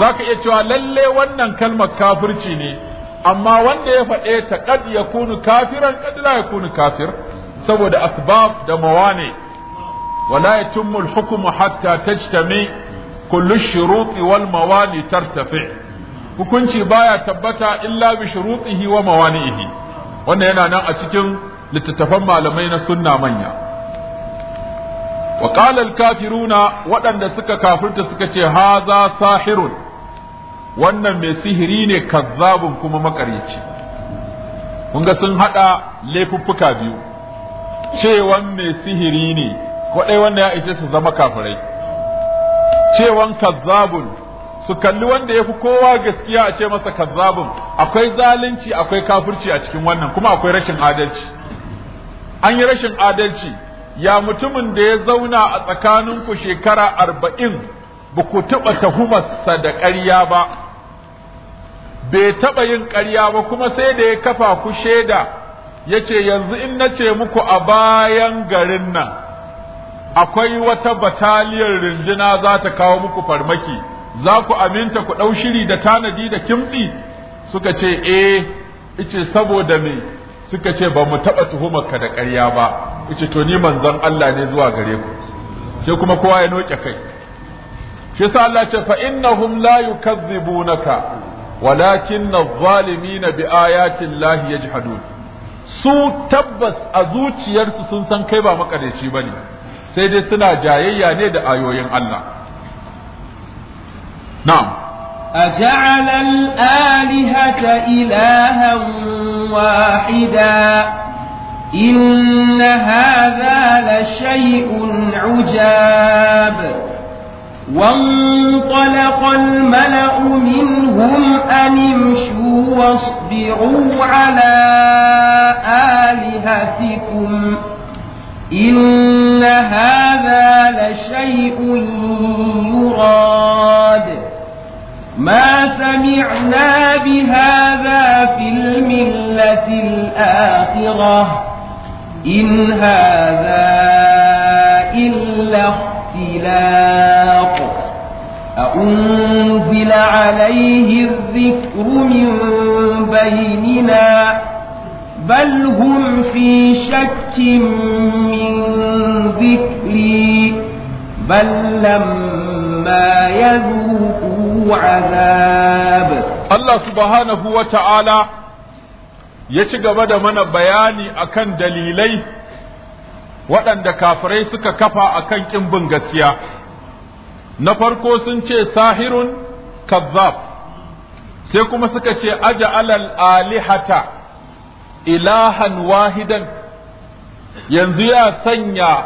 za ka iya cewa lalle wannan kalmar kafirci ne amma wanda ya faɗe ta kad ya kunu kafiran kad la ya kunu kafir saboda asbab da mawani' ولا يتم الحكم حتى تجتمع كل الشروط والموانع ترتفع hukunci baya tabbata illa bi shurutihi wa mawani'ihi wannan yana nan a cikin littattafan malamai na sunna manya wa qala al-kafiruna waɗanda suka kafirta suka ce haza sahirun wannan mai sihiri ne kazzabun kuma makarici kun ga sun hada laifuffuka biyu cewan mai sihiri ne kwaɗai wanda ya ishe su zama kafirai cewan kazzabun su kalli wanda ya fi kowa gaskiya a ce masa kazzabun akwai zalunci akwai kafirci a cikin wannan kuma akwai rashin adalci an yi rashin adalci ya mutumin da ya zauna a tsakanin ku shekara arba'in ba ku taɓa tuhumarsa da ƙarya ba bai taɓa yin ƙarya ba kuma sai da ya kafa ku shaida ya ce yanzu in na ce muku a bayan garin nan akwai wata bataliyar rinjina za ta kawo muku farmaki za ku aminta ku ɗau shiri da tanadi da kimtsi suka ce eh ice saboda me suka ce ba mu taɓa tuhumarka da ƙarya ba ice to ni manzon Allah ne zuwa gare ku sai kuma kowa ya noke kai shi yasa Allah ce fa innahum la yukazzibunaka walakin adh-dhalimin bi ayati Allah yajhadun su tabbas a zuciyarsu sun san kai ba makareci bane sai dai suna jayayya ne da ayoyin Allah na'am أجعل الآلهة إلها واحدا إن هذا لشيء عجاب وانطلق الملأ منهم أن امشوا واصبروا على آلهتكم ۖ إن هذا لشيء يراد ما سمعنا بهذا في الملة الآخرة إن هذا إلا اختلاق أأنزل عليه الذكر من بيننا بل هم في شك من ذكري بل لما يذوقوا عذاب الله سبحانه وتعالى ya ci gaba da mana bayani akan dalilai waɗanda kafirai suka kafa akan ƙin bin gaskiya na farko sun ce sahirun kazzab sai kuma suka ce aja alal alihata ilahan wahidan yanzu ya sanya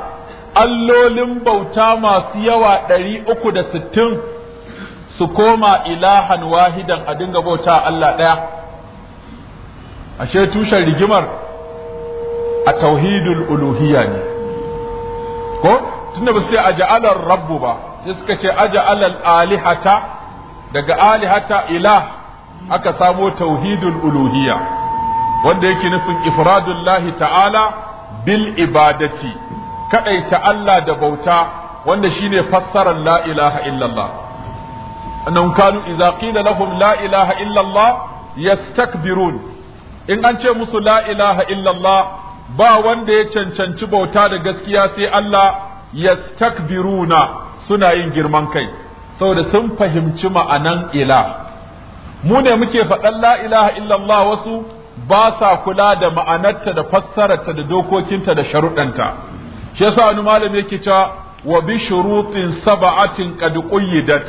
allolin bauta masu yawa ɗari uku da sittin su koma ilahan wahidan a dinga bauta Allah ɗaya ashe tushen rigimar a tauhidul uluhiyya ne ko tunda ba sai aja'alar rabbu ba sai suka ce aja'alal alihata daga alihata ilah aka samo tauhidul uluhiyya wanda yake nufin ifradullahi ta'ala bil ibadati kadaita Allah da bauta wanda shine fassarar la ilaha illallah annahum kanu idza qila lahum la ilaha illallah yastakbirun in an ce musu la ilaha illallah ba wanda ya cancanci bauta da gaskiya sai Allah yastakbiruna suna yin girman kai saboda sun fahimci ma'anan ila mu ne muke faɗan la ilaha illallah wasu ba sa kula da ma'anarta da fassararta da dokokinta da sharuɗanta shi yasa wani malami yake cewa wa bi shurutin sab'atin qad quyyidat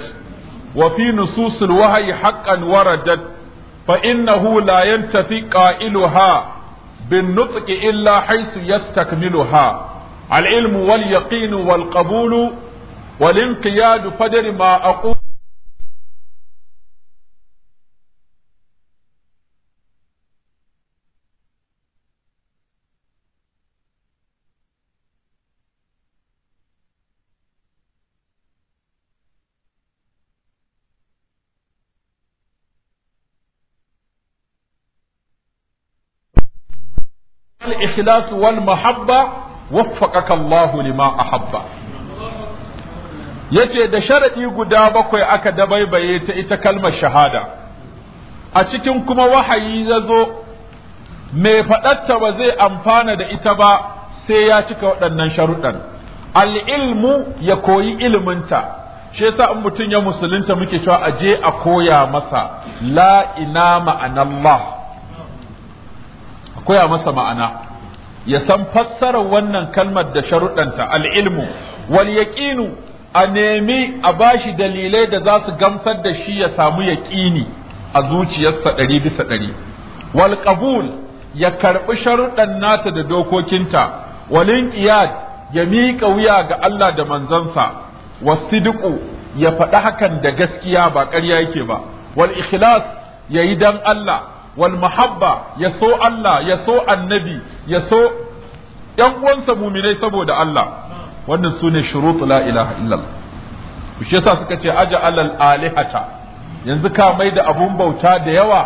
wa fi nususil wahyi haqqan waradat fa innahu la yantafi qailuha bin nutqi illa haythu yastakmiluha al ilmu wal yaqin wal qabulu wal inqiyad fadr ma aqul الإخلاص والمحبة وفقك الله لما أحب yace da sharaɗi guda bakwai aka dabaibaye ta ita kalmar shahada a cikin kuma wahayi ya zo mai faɗatta ba zai amfana da ita ba sai ya cika waɗannan sharuɗan al'ilmu ya koyi ilminta shi yasa in mutum ya musulunta muke cewa a je a koya masa la ina ma'anallah a koya masa ma'ana ya san fassarar wannan kalmar da sharuɗanta al'ilmu wal yaƙinu a nemi a bashi dalilai da za su gamsar da shi ya samu yaƙini a zuciyarsa ɗari bisa ɗari wal qabul ya karɓi sharuɗan nata da dokokinta walin iyad ya miƙa wuya ga Allah da manzansa wasidiku ya faɗi hakan da gaskiya ba ƙarya yake ba wal ikhlas ya yi dan Allah wal mahabba ya so Allah ya so annabi ya so ‘yan uwansa muminai saboda Allah wannan su ne shurutu la ilaha illallah shi yasa suka ce aja alal alihata yanzu ka mai da abun bauta da yawa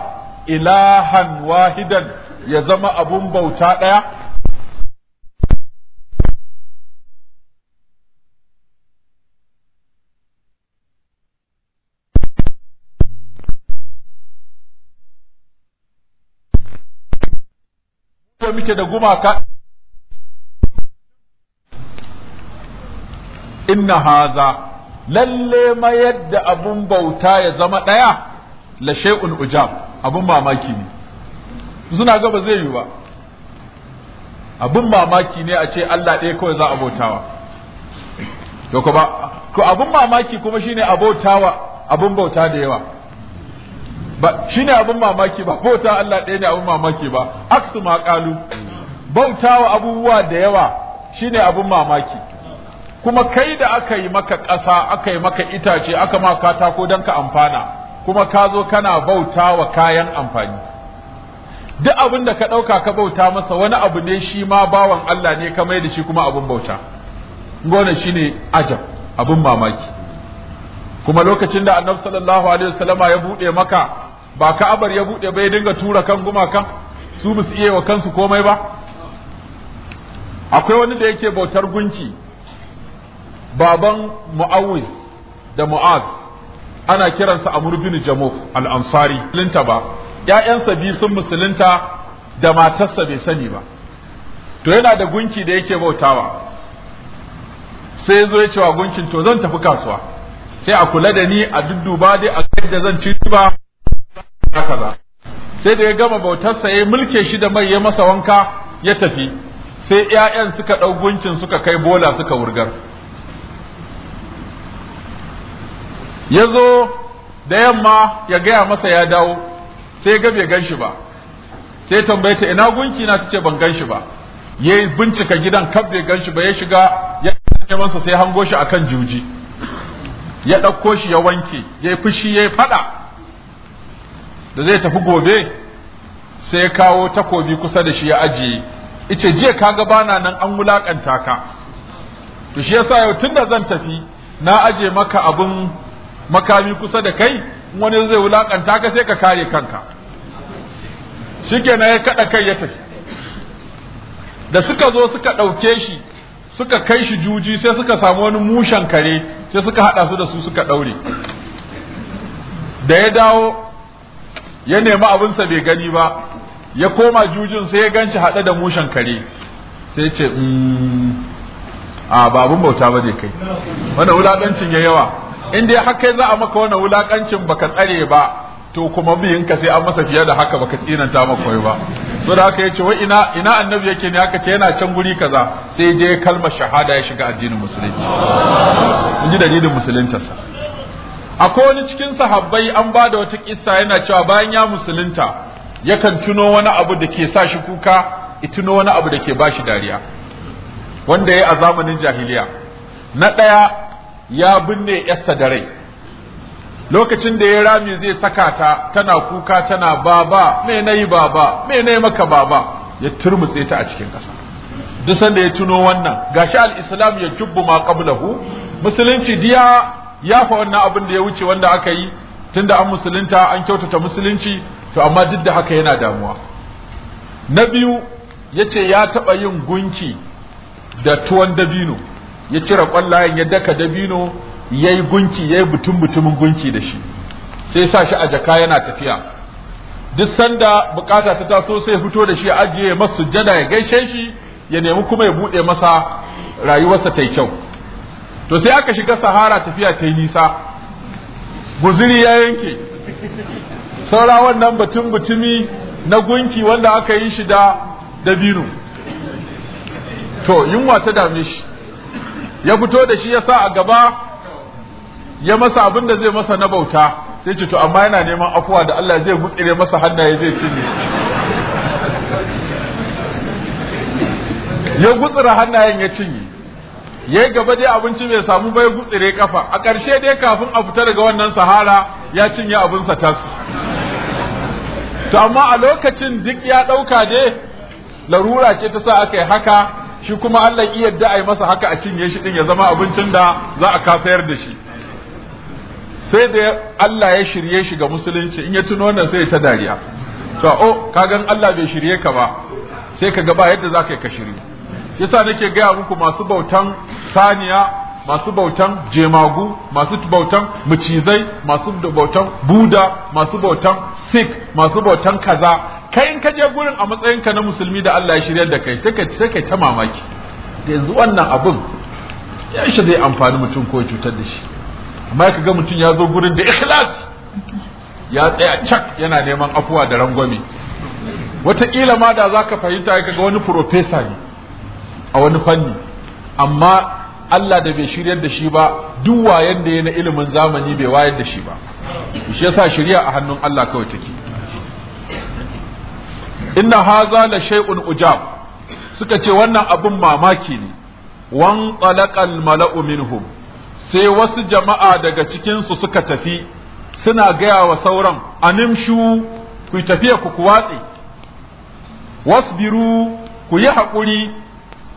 ilahan wahidan ya zama abun bauta ɗaya da muke da gumaka inna haza lalle ma yadda abun bauta ya zama ɗaya la shay'un ujab abun mamaki ne suna ga ba zai yi ba abun mamaki ne a ce Allah ɗaya kawai za a bautawa to ba ko abun mamaki kuma shine abautawa abun bauta da yawa ba shi ne abin mamaki ba bauta Allah ɗaya ne abin mamaki ba aksu ma bautawa abubuwa da yawa shi ne abin mamaki kuma kai da aka yi maka ƙasa aka yi maka itace aka ma katako don ka amfana kuma ka zo kana bauta wa kayan amfani duk abin da ka ɗauka ka bauta masa wani abu ne shi ma bawan Allah ne ka mai da shi kuma abin bauta gona shi ne ajab abin mamaki kuma lokacin da annabi sallallahu alaihi wasallama ya buɗe maka ba ka'abar ya buɗe ba ya dinga tura kan gumakan su musu su iya wa kansu komai ba akwai wani da yake bautar gunki baban mu'awiz da mu'az ana kiransa amur bin jamu al-ansari linta ba ya'yansa biyu sun musulunta da matarsa bai sani ba to yana da gunki da yake bautawa sai zo ya ce wa gunkin to zan tafi kasuwa sai a kula da ni a dudduba dai a kai da zan ci ba haka ba sai da ya gama bautarsa ya mulke shi da mai ya masa wanka ya tafi sai ƴaƴan suka ɗau guncin suka kai bola suka wurgar ya zo da yamma ya gaya masa ya dawo sai ga bai gan shi ba sai tambaye ta ina gunki na tace ban gan shi ba ya bincika gidan kaf bai gan shi ba ya shiga ya masa sai hango shi akan juji ya ɗauko shi ya wanke ya fushi ya faɗa da zai tafi gobe sai kawo takobi kusa da shi ya ajiye ice jiya kaga bana nan an wulakanta ka to shi yasa yau tunda zan tafi na aje maka abun makami kusa da kai in wani zai wulakanta ka sai ka kare kanka shikenan ya kada kai ya tafi da suka zo suka ɗauke shi suka kai shi juji sai suka samu wani mushen kare sai suka haɗa su da su suka ɗaure da ya dawo ya nemi abinsa bai gani ba ya koma jujin sai ya ganshi hada da mushen kare sai ce mm, a ba abin bauta ba ne kai wannan wulaƙancin ya yawa in dai haka za a maka wannan wulaƙancin baka tsare ba to kuma ka sai an masa fiye da haka baka tsinanta maka ba so da haka yace wai ina ina annabi yake ne Haka ce yana can guri kaza sai je kalmar shahada ya shiga addinin musulunci in ji dalilin musuluntarsa akwai wani cikin sahabbai an ba da wata kissa yana cewa bayan ya musulunta yakan tuno wani abu da ke sa shi kuka ituno wani abu da ke ba shi dariya wanda ya a zamanin jahiliya na ɗaya ya binne yasta da rai lokacin da ya rami zai saka ta tana kuka tana baba me nayi baba me nayi maka baba ya turmutse ta a cikin ƙasa duk sanda ya tuno wannan gashi al-islam ya jubbu ma qablahu musulunci diya ya fa wannan abin da ya wuce wanda aka yi tunda an musulunta an kyautata musulunci to amma duk da haka yana damuwa na biyu ya ce ya taɓa yin gunki da tuwon dabino ya cire kwallayen ya daka dabino yayi gunki yayi butun butumin gunki da shi sai sa shi a jaka yana tafiya duk sanda bukata ta taso sai fito da shi ajiye masa sujada ya gaishe shi ya nemi kuma ya buɗe masa rayuwarsa ta kyau to sai aka shiga sahara tafiya ta yi nisa guziri ya yanke saura wannan batun butumi na gunki wanda aka yi shi da dabino to yunwa ta dame shi ya fito da shi ya sa a gaba ya masa abin da zai masa na bauta sai ce to amma yana neman afuwa da Allah zai gutsire masa hannaye zai cinye ya gutsira hannayen ya cinye yi gaba dai abinci bai samu bai gutsire kafa a ƙarshe dai kafin a fita daga wannan sahara ya cinye abinsa tas to amma a lokacin duk ya ɗauka dai larura ce ta sa aka yi haka shi kuma Allah iya yadda a masa haka a cinye shi din ya zama abincin da za a kasayar da shi sai da Allah ya shirye shi ga musulunci in ya tuno wannan sai ta dariya to oh kagan Allah bai shirye ka ba sai ka ga ba yadda za ka yi ka shirye yasa nake gaya muku masu bautan saniya masu bautan jemagu masu bautan macizai masu bautan buda masu bautan sikh masu bautan kaza kai in ka je gurin a matsayinka na musulmi da Allah ya shirya da kai sai ka ta mamaki da yanzu wannan abin ya shi zai amfani mutum ko cutar da shi amma ka ga mutum ya zo gurin da ikhlas ya tsaya cak yana neman afuwa da rangwame wataƙila ma da za ka fahimta ka ga wani profesa ne a wani fanni amma Allah da bai shiryar da shi ba duk wayan da ya na ilimin zamani bai wayar da shi ba shi yasa shirya a hannun Allah kawai take inna haza la shay'un ujab suka ce wannan abin mamaki ne wan talaqal mala'u minhum sai wasu jama'a daga cikin su suka tafi suna gaya wa sauran animshu ku tafiya ku kuwatsi wasbiru ku yi haƙuri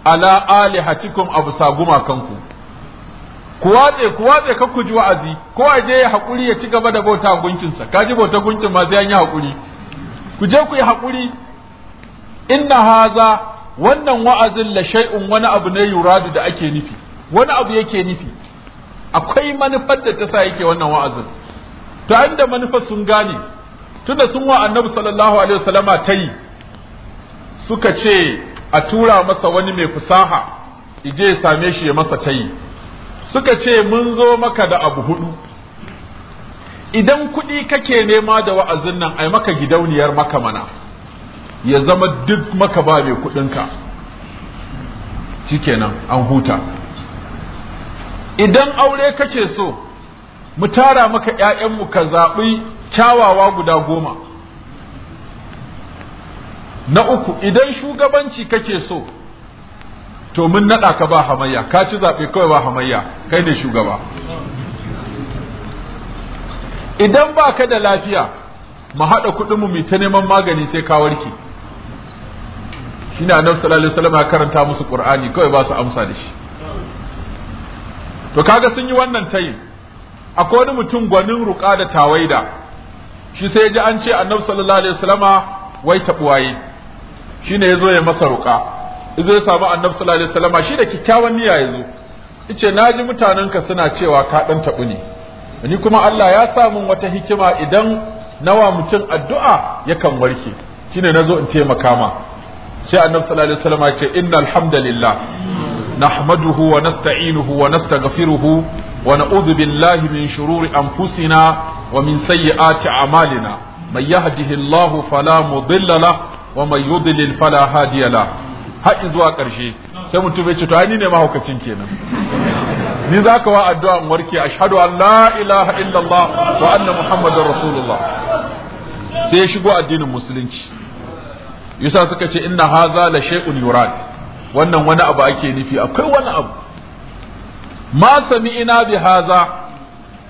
ala Ali hatikum abu saguma kanku ku watse ku watse ka ku ji wa'azi ko a je ya hakuri ya ci gaba da bauta gunkinsa ka ji bauta gunkin ma sai an yi hakuri ku je ku yi hakuri inna haza wannan wa'azin la shay'un wani abu ne yuradu da ake nufi wani abu yake nufi akwai manufar da ta sa yake wannan wa'azin to inda manufar sun gane tunda sun wa annabi sallallahu alaihi wasallama tayi suka ce a tura masa wani mai fusaha ije ya same shi ya masa tayi suka ce mun zo maka da abu hudu idan kuɗi kake nema da wa'azin nan ai maka gidauniyar maka mana ya zama duk maka ba mai kuɗinka shikenan an huta idan aure kake so mu tara maka ‘ya'yanmu ka zaɓi kyawawa guda goma na uku idan shugabanci kake so to mun naɗa ka ba hamayya ka ci zaɓe kawai ba hamayya kai ne shugaba idan baka da lafiya mu haɗa kudin mu ta neman magani sai ka warke shi annabi sallallahu alaihi wasallam ya karanta musu qur'ani kawai ba su amsa da shi to kaga sun yi wannan tayin akwai wani mutum gwanin ruka da tawaida shi sai ya ji an ce annabi sallallahu alaihi wasallama wai tabuwaye shine yazo ya masa ruka Izo ya samu annabi sallallahu alaihi wasallam shi da kikkiawan niyya yazo yace naji mutanenka suna cewa ka dan tabu ne ni kuma Allah ya sa wata hikima idan nawa mutum addu'a yakan warke shine nazo in taimaka ma sai annabi sallallahu alaihi wasallam ya ce innal hamdalillah نحمده ونستعينه ونستغفره ونعوذ بالله من شرور أنفسنا ومن سيئات amalina. من يهده الله فلا مضل له wa mai yudlil fala hadiya la har zuwa karshe sai mutum ya ce to ni ne mahaukacin kenan ni za ka wa addu'a in warke ashhadu an la ilaha illallah wa anna muhammadar rasulullah sai ya shigo addinin musulunci yasa suka ce inna haza la shay'un yurad wannan wani abu ake nufi akwai wani abu ma ina bi haza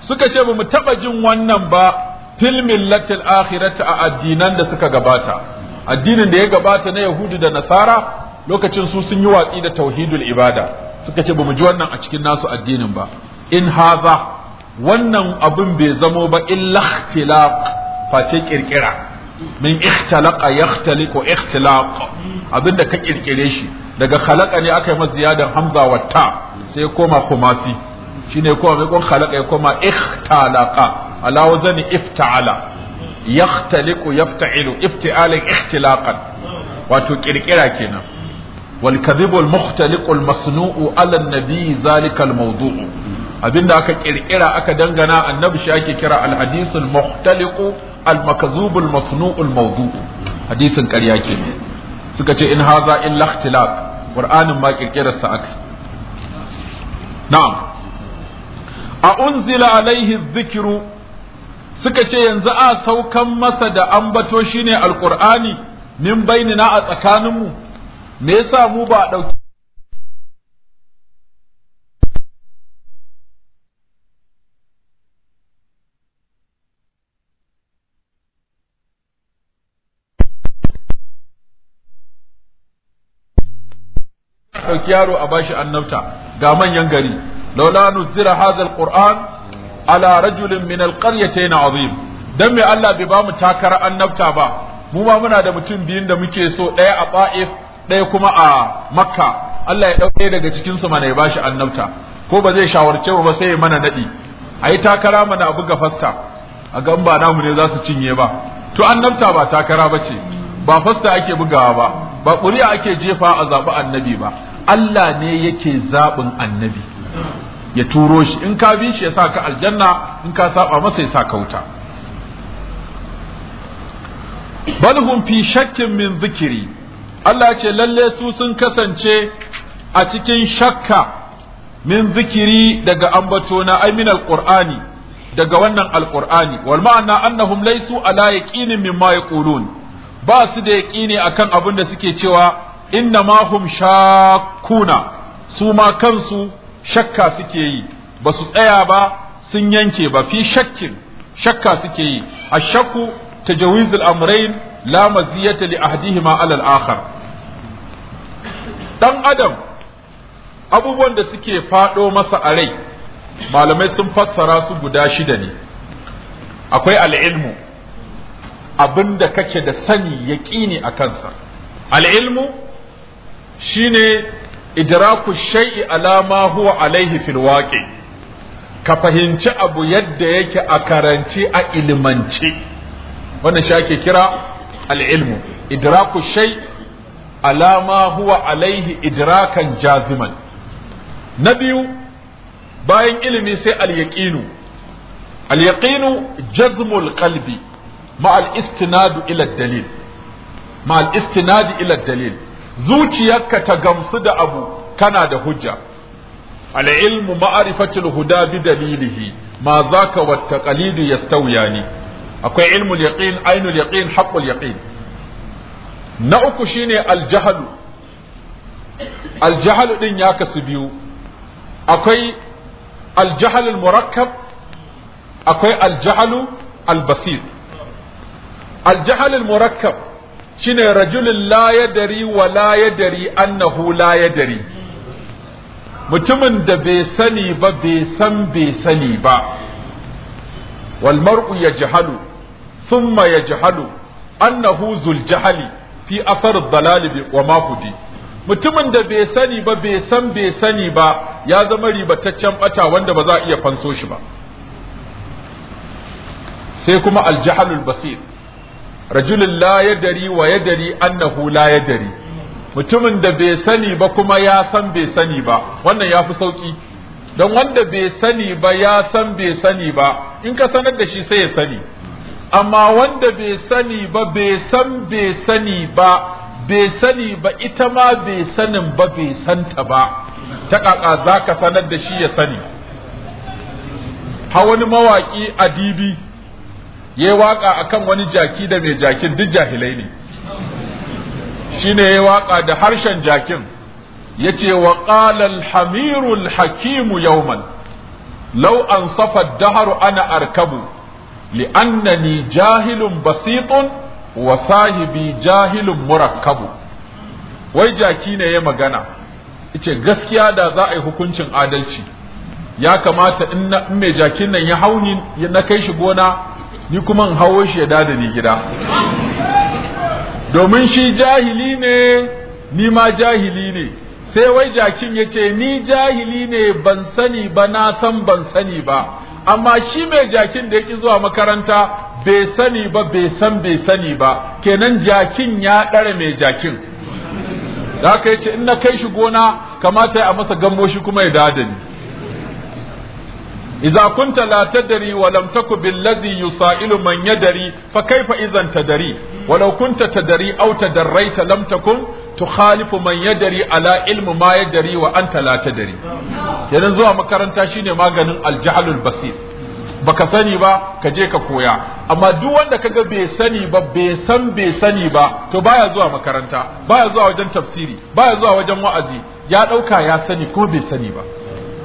suka ce ba mu taba jin wannan ba fil millatil akhirati a addinan da suka gabata addinin da ya gabata na yahudu da nasara lokacin su sun yi watsi da tauhidul ibada suka ce ba mu ji wannan a cikin nasu addinin ba in haza wannan abin bai zamo ba illa ikhtilaq face kirkira min ikhtalaqa yakhtaliqu ikhtilaq abinda ka kirkire shi daga khalaqa ne aka yi masa ziyadan hamza wa ta sai koma kumasi shine kuma mai kon khalaqa ya koma ikhtalaqa ala wazani ifta'ala yahtaliqu yafta'ilu ifti'alan ikhtilaqan wato ƙirƙira kenan wal kadhibu masnu'u ala an nabi zalika al mawdu'u abinda aka ƙirƙira aka dangana annabi shi ake kira al hadith al mukhtaliqu al makzub hadisin ƙarya kenan suka ce in haza illa ikhtilaq qur'anin ma kirkirarsa aka na'am a unzila alaihi zikiru. suka ce yanzu a saukan masa da ambato shine alqur'ani min bainina a tsakaninmu me yasa mu ba a ɗauki ɗauki yaro a bashi annabta ga manyan gari laula nuzira hadha alquran ala rajulin min alqaryatayn azim dan me Allah bai ba mu takara annabta ba mu ma muna da mutum biyun da muke so daya a Ta'if daya kuma a Makka Allah ya ɗauke daga cikin su mana ya bashi annabta ko ba zai shawarce ba sai ya mana nadi ayi takara mana abu ga fasta a ba namu ne za su cinye ba to annabta ba takara bace ba fasta ake bugawa ba ba ƙuri'a ake jefa a zaɓi annabi ba Allah ne yake zaɓin annabi ya turo shi in ka bi shi ya sa ka aljanna in ka saba masa ya sa ka wuta bal hum fi shakkin min zikiri Allah ce lalle su sun kasance a cikin shakka min zikiri daga ambato na aimin alqur'ani daga wannan alqur'ani wal ma'ana annahum laysu ala yaqinin mimma yaqulun ba su da yaqini akan abin da suke cewa inna ma hum shakkuna su ma kansu shakka suke yi ba su tsaya ba sun yanke ba fi shakkin shakka suke yi a shakku tajawizul amrayn la maziyata li ahdihima ala al-akhar dan adam abubuwan da suke fado masa a rai malamai sun fassara su guda shida ne akwai al'ilmu abin da kake da sani yaƙini a kansa al'ilmu shine idraku shay'i ala ma huwa alaihi fil waqi ka fahimci abu yadda yake a karanci a ilimance wannan shi ake kira al-ilmu idraku shai ala ma huwa alaihi idrakan jaziman na biyu bayan ilimi sai al-yaqinu al-yaqinu jazmul qalbi ma al-istinadu ila dalil ma al-istinadu ila dalil zuciyarka ta gamsu da abu kana da hujja ilmu ma'arifatul huda bi dalilihi ma zaka wa taqalidu yastawiyani akwai ilmul yaqin ainul yaqin haqqul yaqin na uku shine aljahalu aljahalu din ya kasu biyu akwai aljahalul murakkab akwai aljahalu albasir aljahalul murakkab shine rajulun la yadari wa la annahu la mutumin da bai sani ba bai san bai sani ba wal mar'u yajhalu thumma yajhalu annahu zul jahali fi asar dalali wa ma mutumin da bai sani ba bai san bai sani ba ya zama ribataccen bata wanda ba za a iya fanso shi ba sai kuma aljahalul basir rajulun la dari wa ya yadari annahu la dari. mutumin da bai sani ba kuma ya san bai sani ba wannan ya fi sauki don wanda bai sani ba ya san bai sani ba in ka sanar da shi sai ya sani amma wanda bai sani ba bai san bai sani ba bai sani ba ita ma bai sanin ba bai santa ba ta kaka za ka sanar da shi ya sani ha wani mawaƙi adibi ya waka kan wani jaki da mai jakin duk jahilai ne Shi ne ya yi waƙa da harshen jakin Ya ce wa ƙalal Hamirul hakimu yauman. law ansafa ad ana arkabu li'annani jahilun basitun wa sahibi jahilun murakkabu wai jaki ne ya magana ce gaskiya da za a yi hukuncin adalci ya kamata in mai jakin nan ya hauni na kai shi gona ni kuma hawo shi ya dada ni gida domin shi jahili ne ni ma jahili ne sai wai jakin ya ce ni jahili ne ban sani ba na san ban sani ba amma shi mai jakin da yake zuwa makaranta bai sani ba bai san bai sani ba kenan jakin ya ɗara mai jakin da aka ce in na kai shi gona kamata a masa gammo shi kuma ya dada ni idza kunta la tadri wa lam taku billazi yusailu man yadri fa kaifa idan tadri walau kunta tadri aw tadarraita lam takun tukhalifu man yadri ala ilmi ma yadri wa anta la tadri kenan zuwa makaranta shine maganin aljahlul basir baka sani ba ka je ka koya amma duk wanda kaga bai sani ba bai san bai sani ba to baya zuwa makaranta baya zuwa wajen tafsiri baya zuwa wajen wa'azi ya ɗauka ya sani kuma bai sani ba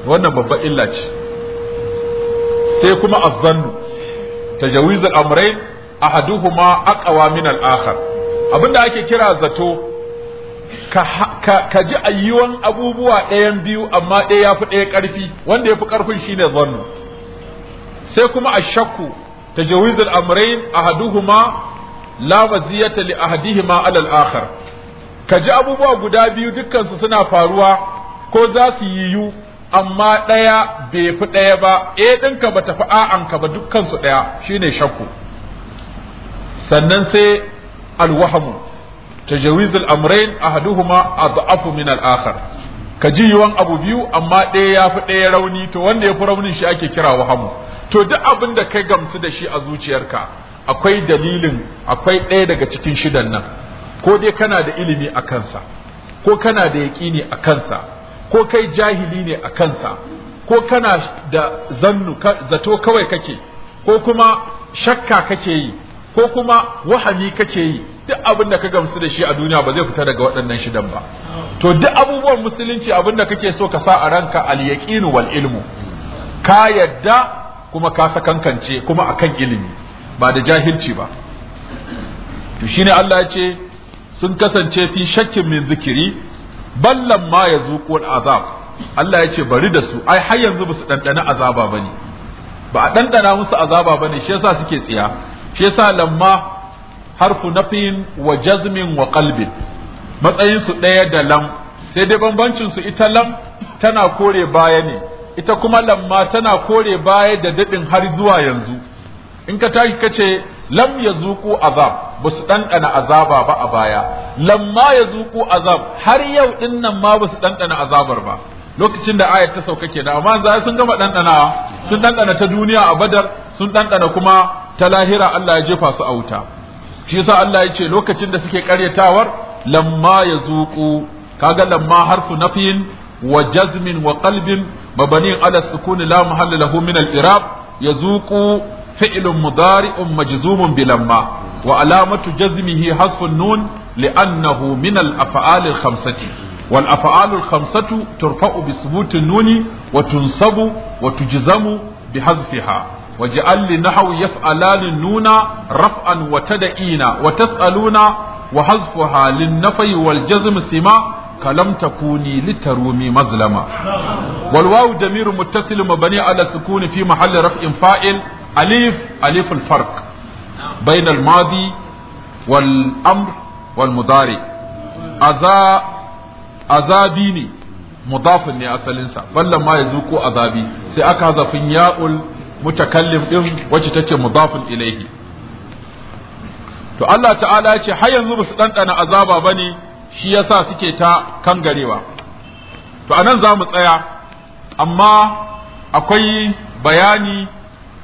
wannan babban illa ce sai kuma azzannu tajawiz al-amrayn ahaduhuma aqwa min al-akhar abinda ake kira zato ka ji ayyuwan abubuwa ɗayan biyu amma ɗaya ya fi ɗaya ƙarfi wanda ya fi ƙarfin shine zannu sai kuma ashakku tajawiz al-amrayn ahaduhuma la ya li ahadihima ala al-akhar ka ji abubuwa guda biyu dukkansu suna faruwa ko za su yiwu amma ɗaya bai fi ɗaya ba e ɗinka ba tafi a'anka ba dukkansu ɗaya shine shakku sannan sai alwahamu تجويز الأمرين أحدهما al-asar. Ka ji yiwan abu biyu amma ɗaya ya fi ɗaya rauni to wanda ya fi raunin shi ake kira wahamu to duk abin da kai gamsu da shi a zuciyarka akwai dalilin akwai ɗaya daga cikin shidan nan ko dai kana da ilimi a kansa ko kana da yaƙini a kansa ko kai jahili ne a kansa ko kana da zannu zato kawai kake ko kuma shakka kake yi ko kuma wahami kake yi duk abin da ka gamsu da shi a duniya ba zai fita daga waɗannan shidan ba to duk abubuwan musulunci abin da kake so ka sa a ranka al yaqinu wal ilmu ka yadda kuma ka sakankance kuma akan ilimi ba da jahilci ba to shine Allah ya ce sun kasance fi shakkin min zikiri ballan ma ya zuƙo azab Allah ya ce bari da su ai har yanzu ba su ɗanɗana azaba ba ne ba a ɗanɗana musu azaba bane ne shi yasa suke tsiya shi yasa lamma harfu nafin wa jazmin wa ƙalbin. matsayin su ɗaya da lam sai dai bambancin su ita lam tana kore baya ne ita kuma lamma tana kore baya da daɗin har zuwa yanzu in ka tashi ka ce lam ya zuƙo azab ba su ɗanɗana azaba ba a baya lamma ya zuku azab har yau ɗin nan ma ba su ɗanɗana azabar ba lokacin da ayat ta sauka kenan amma za sun gama ɗanɗana sun ɗanɗana ta duniya a badar sun ɗanɗana kuma ta lahira Allah ya jefa su a wuta shi yasa Allah ya ce lokacin da suke ƙaryatawar lamma ya zuku kaga lamma harfu nafiyin wa jazmin wa qalbin mabani ala sukuni la mahalla min al-irab yazuqu fi'lun mudari'un majzumun bilamma wa alamatu jazmihi hasfun nun li'annahu min al-af'al al-khamsati wal af'al al-khamsatu turfa'u bi thubut an-nun wa tunsabu wa tujzamu bi hazfiha waj'al li nahwi yaf'alan nuna raf'an wa tad'ina wa tas'aluna wa hazfuha lin-nafyi wal-jazm sima كلم تكوني لترومي مظلمة والواو ضمير متصل مبني على السكون في محل رفع فاعل alif alif alfarq bain almadi wal amr wal mudari azabi ne muzafin ne asalinsa ballan ma yanzu ko azabi sai aka hazafin ya'ul mutakallim din wacce ce muzafin ilaihi to Allah ta'ala ya ce har yanzu ba su ɗanɗana azaba ba ne shi yasa suke ta kangarewa to anan za mu tsaya amma akwai bayani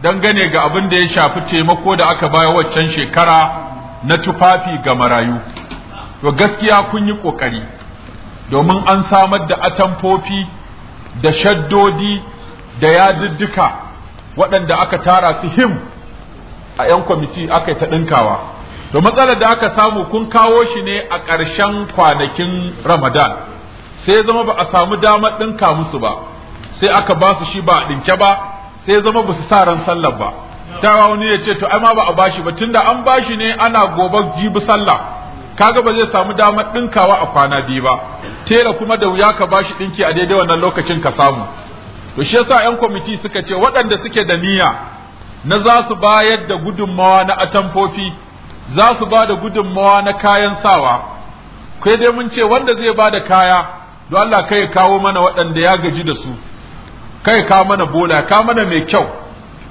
dangane ga abin da ya shafi taimako da aka baya waccan shekara na tufafi ga marayu to gaskiya kun yi ƙoƙari domin an samar da atamfofi da shaddodi da yadiddika waɗanda aka tara su him a 'yan kwamiti aka yi ta ɗinkawa to matsalar da aka samu kun kawo shi ne a ƙarshen kwanakin ramadan sai zama ba a samu damar ɗinka musu ba sai aka ba su shi ba a ɗinke ba sai zama ba su sa ran sallar ba Ta wani ya ce to ai ma ba a bashi ba tunda an bashi ne ana gobe jibi sallah kaga ba zai samu damar dinkawa a kwana biyu ba tela kuma da wuya ka bashi dinki a daidai wannan lokacin ka samu to shi yasa yan kwamiti suka ce waɗanda suke da niyya na za su bayar da gudunmawa na atamfofi za su ba da gudunmawa na kayan sawa kai dai mun ce wanda zai ba da kaya don Allah kai kawo mana waɗanda ya gaji da su kai ka mana bola ka mana mai kyau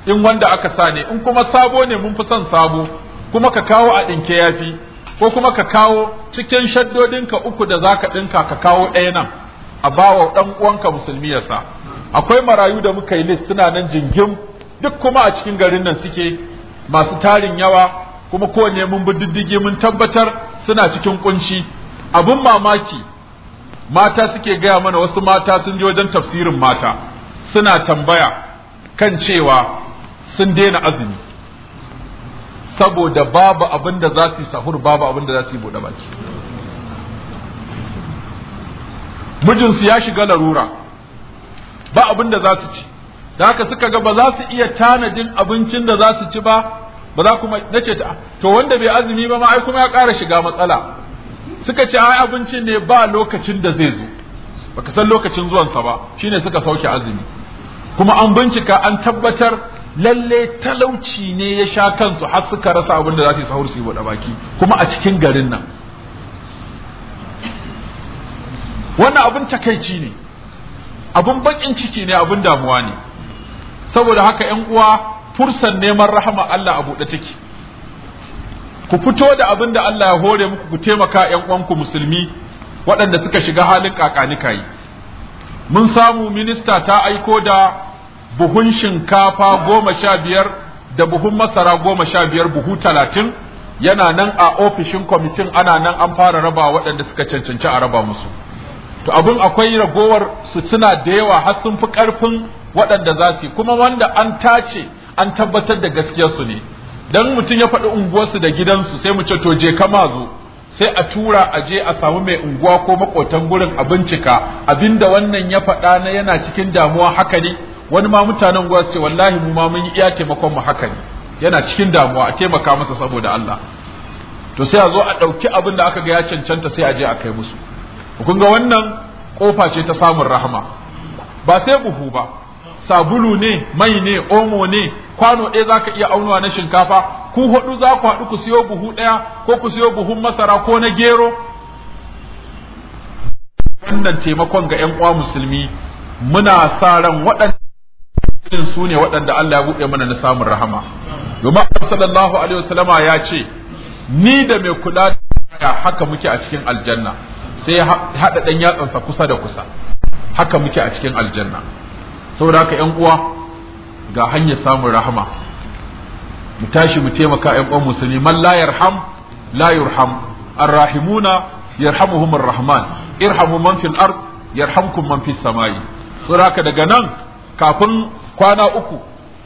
in wanda aka sa ne in kuma sabo ne mun fi son sabo kuma ka kawo a ɗinke yafi ko kuma ka kawo cikin shaddodinka uku da zaka ɗinka ka kawo ɗaya nan a bawa ɗan uwanka musulmi ya sa akwai marayu da muka yi list suna nan jingim duk kuma a cikin garin nan suke masu tarin yawa kuma kowanne mun bi diddigi mun tabbatar suna cikin kunci abun mamaki mata suke gaya mana wasu mata sun je wajen tafsirin mata suna tambaya kan cewa sun daina azumi saboda babu abin da za su yi sahur babu abin da za su yi buɗe baki mijinsu ya shiga larura ba abin da za su ci da haka suka ga ba za su iya tanadin abincin da za su ci ba ba za kuma nace ta to wanda bai azumi ba ma ai kuma ya ƙara shiga matsala suka ce ai abincin ne ba lokacin da zai zo baka san lokacin zuwansa ba shine suka sauke azumi kuma an bincika an tabbatar lalle talauci ne ya sha kansu har suka rasa abin da za su yi sahur su yi baki kuma a cikin garin nan wannan abin takaici ne abin bakin ciki ne abin damuwa ne saboda haka yan uwa fursan neman rahama Allah a buɗe take ku fito da abin da Allah ya hore muku ku taimaka yan uwanku musulmi waɗanda suka shiga halin kakani kayi mun samu minista ta aiko da buhun shinkafa goma sha biyar da buhun masara goma sha biyar buhu talatin yana nan a ofishin kwamitin ana nan an fara raba waɗanda suka cancanci a raba musu to abin akwai ragowar su suna da yawa har sun fi ƙarfin waɗanda za su yi. kuma wanda an tace an tabbatar da gaskiyarsu ne dan mutum ya faɗi unguwarsu da gidansu sai mu ce to je kama zo sai a tura a je a samu mai unguwa ko makotan gurin a bincika abinda wannan ya faɗa na yana cikin damuwa haka ne wani ma mutanen gwa ce wallahi mu ma mun yi iya taimakon mu haka ne yana cikin damuwa a taimaka masa saboda Allah to sai a zo a ɗauki abin da aka ga ya cancanta sai a je a kai musu kun ga wannan kofa ce ta samun rahama ba sai buhu ba sabulu ne mai ne omo ne kwano ɗaya zaka iya aunawa na shinkafa ku hudu za ku haɗu ku siyo buhu ɗaya ko ku siyo buhun masara ko na gero wannan taimakon ga 'yan uwa musulmi muna sa ran waɗannan su ne waɗanda Allah ya buɗe mana na samun rahama domin sallallahu alaihi wasallama ya ce ni da mai kula da haka muke a cikin aljanna sai haɗa ɗan yatsansa kusa da kusa haka muke a cikin aljanna saboda haka 'yan uwa ga hanyar samun rahama mu tashi mu taimaka ƴan uwan musulmi man la yarham la yurham arrahimuna yarhamuhum rahman irhamu man fil ard yarhamkum man fis samai saboda daga nan kafin kwana uku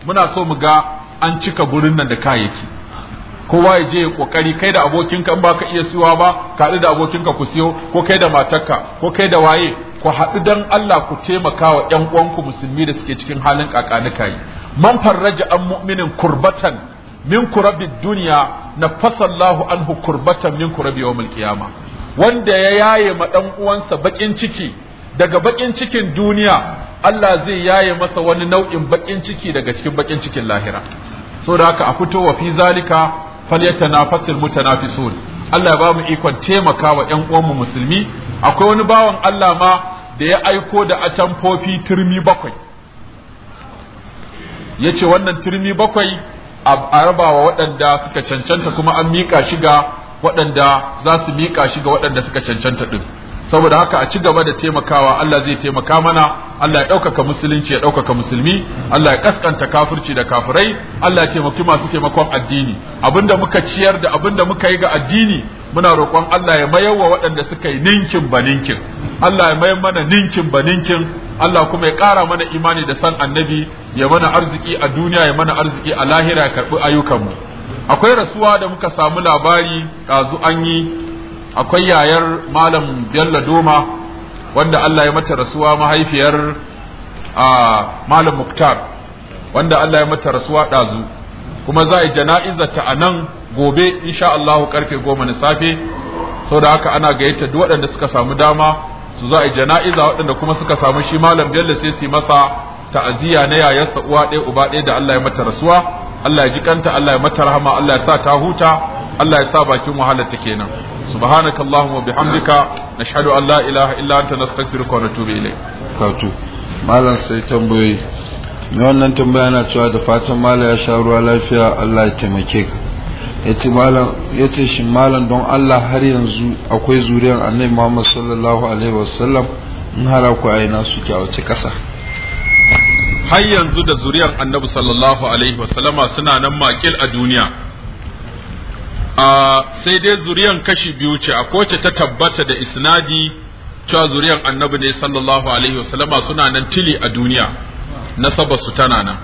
muna so mu ga an cika gurin nan da kayayyaki kowa ya je kokari kai da abokinka in baka iya siyowa ba ka haɗu da abokinka ku siyo ko kai da matarka ko kai da waye ku haɗu dan Allah ku taimaka wa ƴan uwanku musulmi da suke cikin halin kakanuka yi man farraja an mu'minin kurbatan min kurabi duniya na fasallahu anhu kurbatan min kurabi yawmul qiyama wanda ya yaye ma dan uwansa bakin ciki daga bakin cikin duniya Allah zai yaye masa wani nau'in bakin ciki daga cikin bakin cikin lahira so da haka a fito wa fi zalika falyatanafasul mutanafisun Allah ya ba mu ikon taimakawa ƴan uwanmu musulmi akwai wani bawan Allah ma da ya aiko da atamfofi turmi bakwai yace wannan turmi bakwai a raba wa waɗanda suka cancanta kuma an miƙa shi ga waɗanda za su miƙa shi ga waɗanda suka cancanta ɗin saboda haka a ci gaba da taimakawa Allah zai taimaka mana Allah ya ɗaukaka musulunci ya ɗaukaka musulmi Allah ya kaskanta kafirci da kafirai Allah ya taimaki masu taimakon addini abinda muka ciyar da abinda muka yi ga addini muna roƙon Allah ya mayar wa waɗanda suka yi ninkin ba ninkin Allah ya mayar mana ninkin ba ninkin Allah kuma ya ƙara mana imani da san annabi ya mana arziki a duniya ya mana arziki a lahira ya karɓi ayyukanmu akwai rasuwa da muka samu labari ɗazu an yi akwai yayar malam bello doma wanda Allah ya mata rasuwa mahaifiyar a malam muktar wanda Allah ya mata rasuwa ɗazu kuma za a yi a nan gobe insha Allah karfe goma na safe saboda haka ana gayyata duk waɗanda suka samu dama su za a jana'iza waɗanda kuma suka samu shi malam bello sai su masa ta'aziyya na yayarsa uwa ɗaya uba ɗaya da Allah ya mata rasuwa Allah ya ji kanta Allah ya mata rahama Allah ya sa ta huta Allah ya sa bakin wahalar ta kenan subhanaka allahumma bihamdika nashhadu an la ilaha illa anta nastaghfiruka wa natubu ilayk katu malam sai tambayoyi ne wannan tambaya na cewa da fatan malam ya sha ruwa lafiya Allah ya taimake ka yace malam yace shi malam don Allah har yanzu akwai zuriyar Annabi Muhammad sallallahu alaihi wasallam in har akwai aina suke a wace kasa har yanzu da zuriyar Annabi sallallahu alaihi wasallama suna nan makil a duniya sai dai zuriyan kashi biyu ce a kowace ta tabbata da isnadi cewa zuriyan annabi ne sallallahu alaihi wasallama suna nan tili a duniya saba su tana nan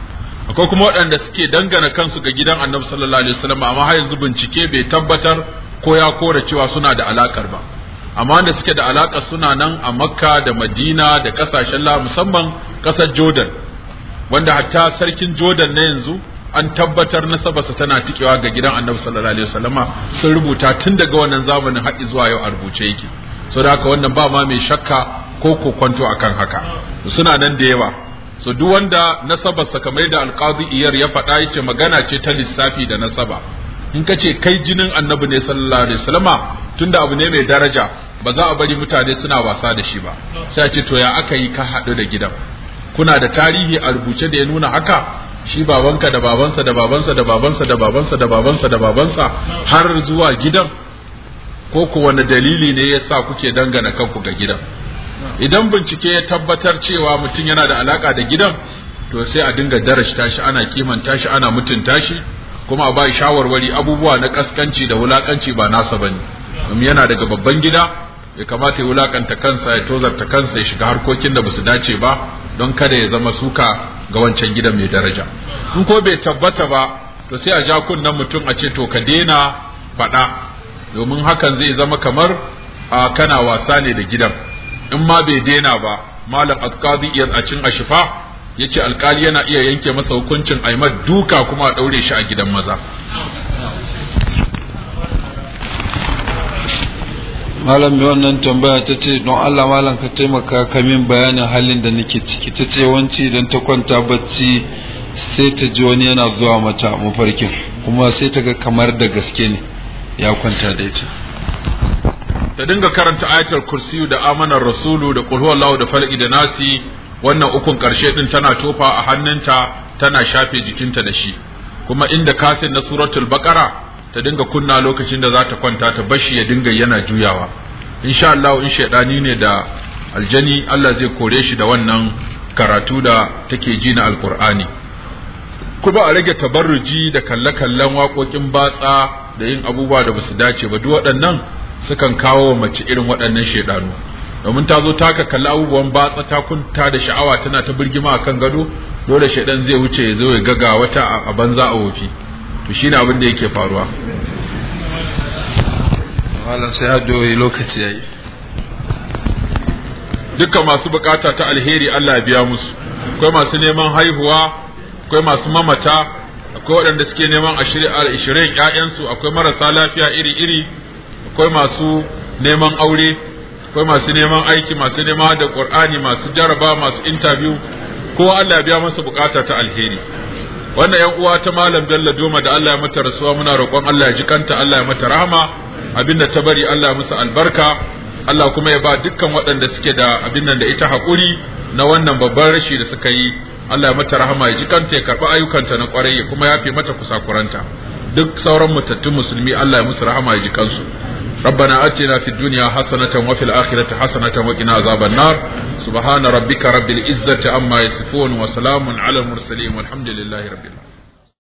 akwai kuma waɗanda suke dangana kansu ga gidan annabi sallallahu alaihi wasallama amma har yanzu bincike bai tabbatar ko ya kora cewa suna da alakar ba amma wanda suke da alaka suna nan a makka da madina da kasashen la musamman kasar jordan wanda hatta sarkin jordan na yanzu an tabbatar nasabarsa tana tikewa ga gidan annabi sallallahu alaihi wasallama sun rubuta tun daga wannan zamanin haɗi zuwa yau a rubuce yake so da haka wannan ba ma mai shakka ko kwanto akan haka suna nan da yawa so duk wanda nasabarsa kamar yadda alqadi iyar ya faɗa yace magana ce ta lissafi da nasaba in ka ce kai jinin annabi ne sallallahu alaihi wasallama tunda abu ne mai daraja ba za a bari mutane suna wasa da shi ba sai ce to ya aka yi ka haɗu da gidan kuna da tarihi a rubuce da ya nuna haka shi babanka da babansa da babansa da babansa da babansa da babansa da babansa har zuwa gidan ko ku dalili ne ya sa kuke dangana kanku ga gidan idan bincike ya tabbatar cewa mutum yana da alaka da gidan to sai a dinga darashta shi ana kimanta shi ana mutunta shi kuma a ba shawarwari abubuwa na kaskanci da wulakanci ba nasa bane yana daga babban gida ya kamata ya wulakanta kansa ya tozarta kansa ya shiga harkokin da basu dace ba don kada ya zama suka ga wancan gidan mai daraja in ko bai tabbata ba to sai a ja kunnen mutum a ce to ka daina faɗa domin hakan zai zama kamar a kana wasa ne da gidan in ma bai daina ba malam alqadi yan a cin ashifa yace alkali yana iya yanke masa hukuncin aimar duka kuma a daure shi a gidan maza malam mai wannan tambaya ta ce don Allah malam ka taimaka ka min bayanin halin da nake ciki ta ce wanci idan ta kwanta bacci sai ta ji wani yana zuwa mata mafarkin kuma sai ta ga kamar da gaske ne ya kwanta da ita ta dinga karanta ayatul kursi da amanar rasulu da kulhu Allah da falqi da nasi wannan ukun karshe din tana tofa a hannunta tana shafe jikinta da shi kuma inda kasin na suratul baqara ta dinga kunna lokacin da za ta kwanta ta bashi ya dinga yana juyawa insha Allah in shaidani ne da aljani Allah zai kore shi da wannan karatu da take ji na alkur'ani kuma a rage tabarruji da kalle-kallen waƙoƙin batsa da yin abubuwa da basu dace ba duk waɗannan sukan kawo mace irin waɗannan shaidanu domin ta zo taka kalli abubuwan batsa ta kunta da sha'awa tana ta birgima akan gado dole shaidan zai wuce ya zo ya gaga wata a banza a wofi to shi abin da yake faruwa wala sai haddo lokaci yayi dukkan masu bukata ta alheri Allah biya musu akwai masu neman haihuwa akwai masu mamata akwai waɗanda suke neman ashirin ƴaƴansu akwai marasa lafiya iri-iri akwai masu neman aure akwai masu neman aiki masu neman da ƙur'ani masu jaraba masu interview kowa Allah biya masa bukata ta alheri wannan yan uwa ta malam Bello Doma da Allah ya mata rasuwa muna roƙon Allah ya ji kanta Allah ya mata rahama abinda ta bari Allah ya musu albarka Allah kuma ya ba dukkan waɗanda suke da abin nan da ita haƙuri na wannan babban rashi da suka yi Allah ya mata rahama ya ji kanta ya karɓi ayyukanta na ƙwarai ya fi yafe mata kuranta duk sauran matattun musulmi Allah ya musu rahama ya ji kansu ربنا آتنا في الدنيا حسنة وفي الآخرة حسنة وقنا عذاب النار سبحان ربك رب العزة عما يصفون وسلام على المرسلين والحمد لله رب العالمين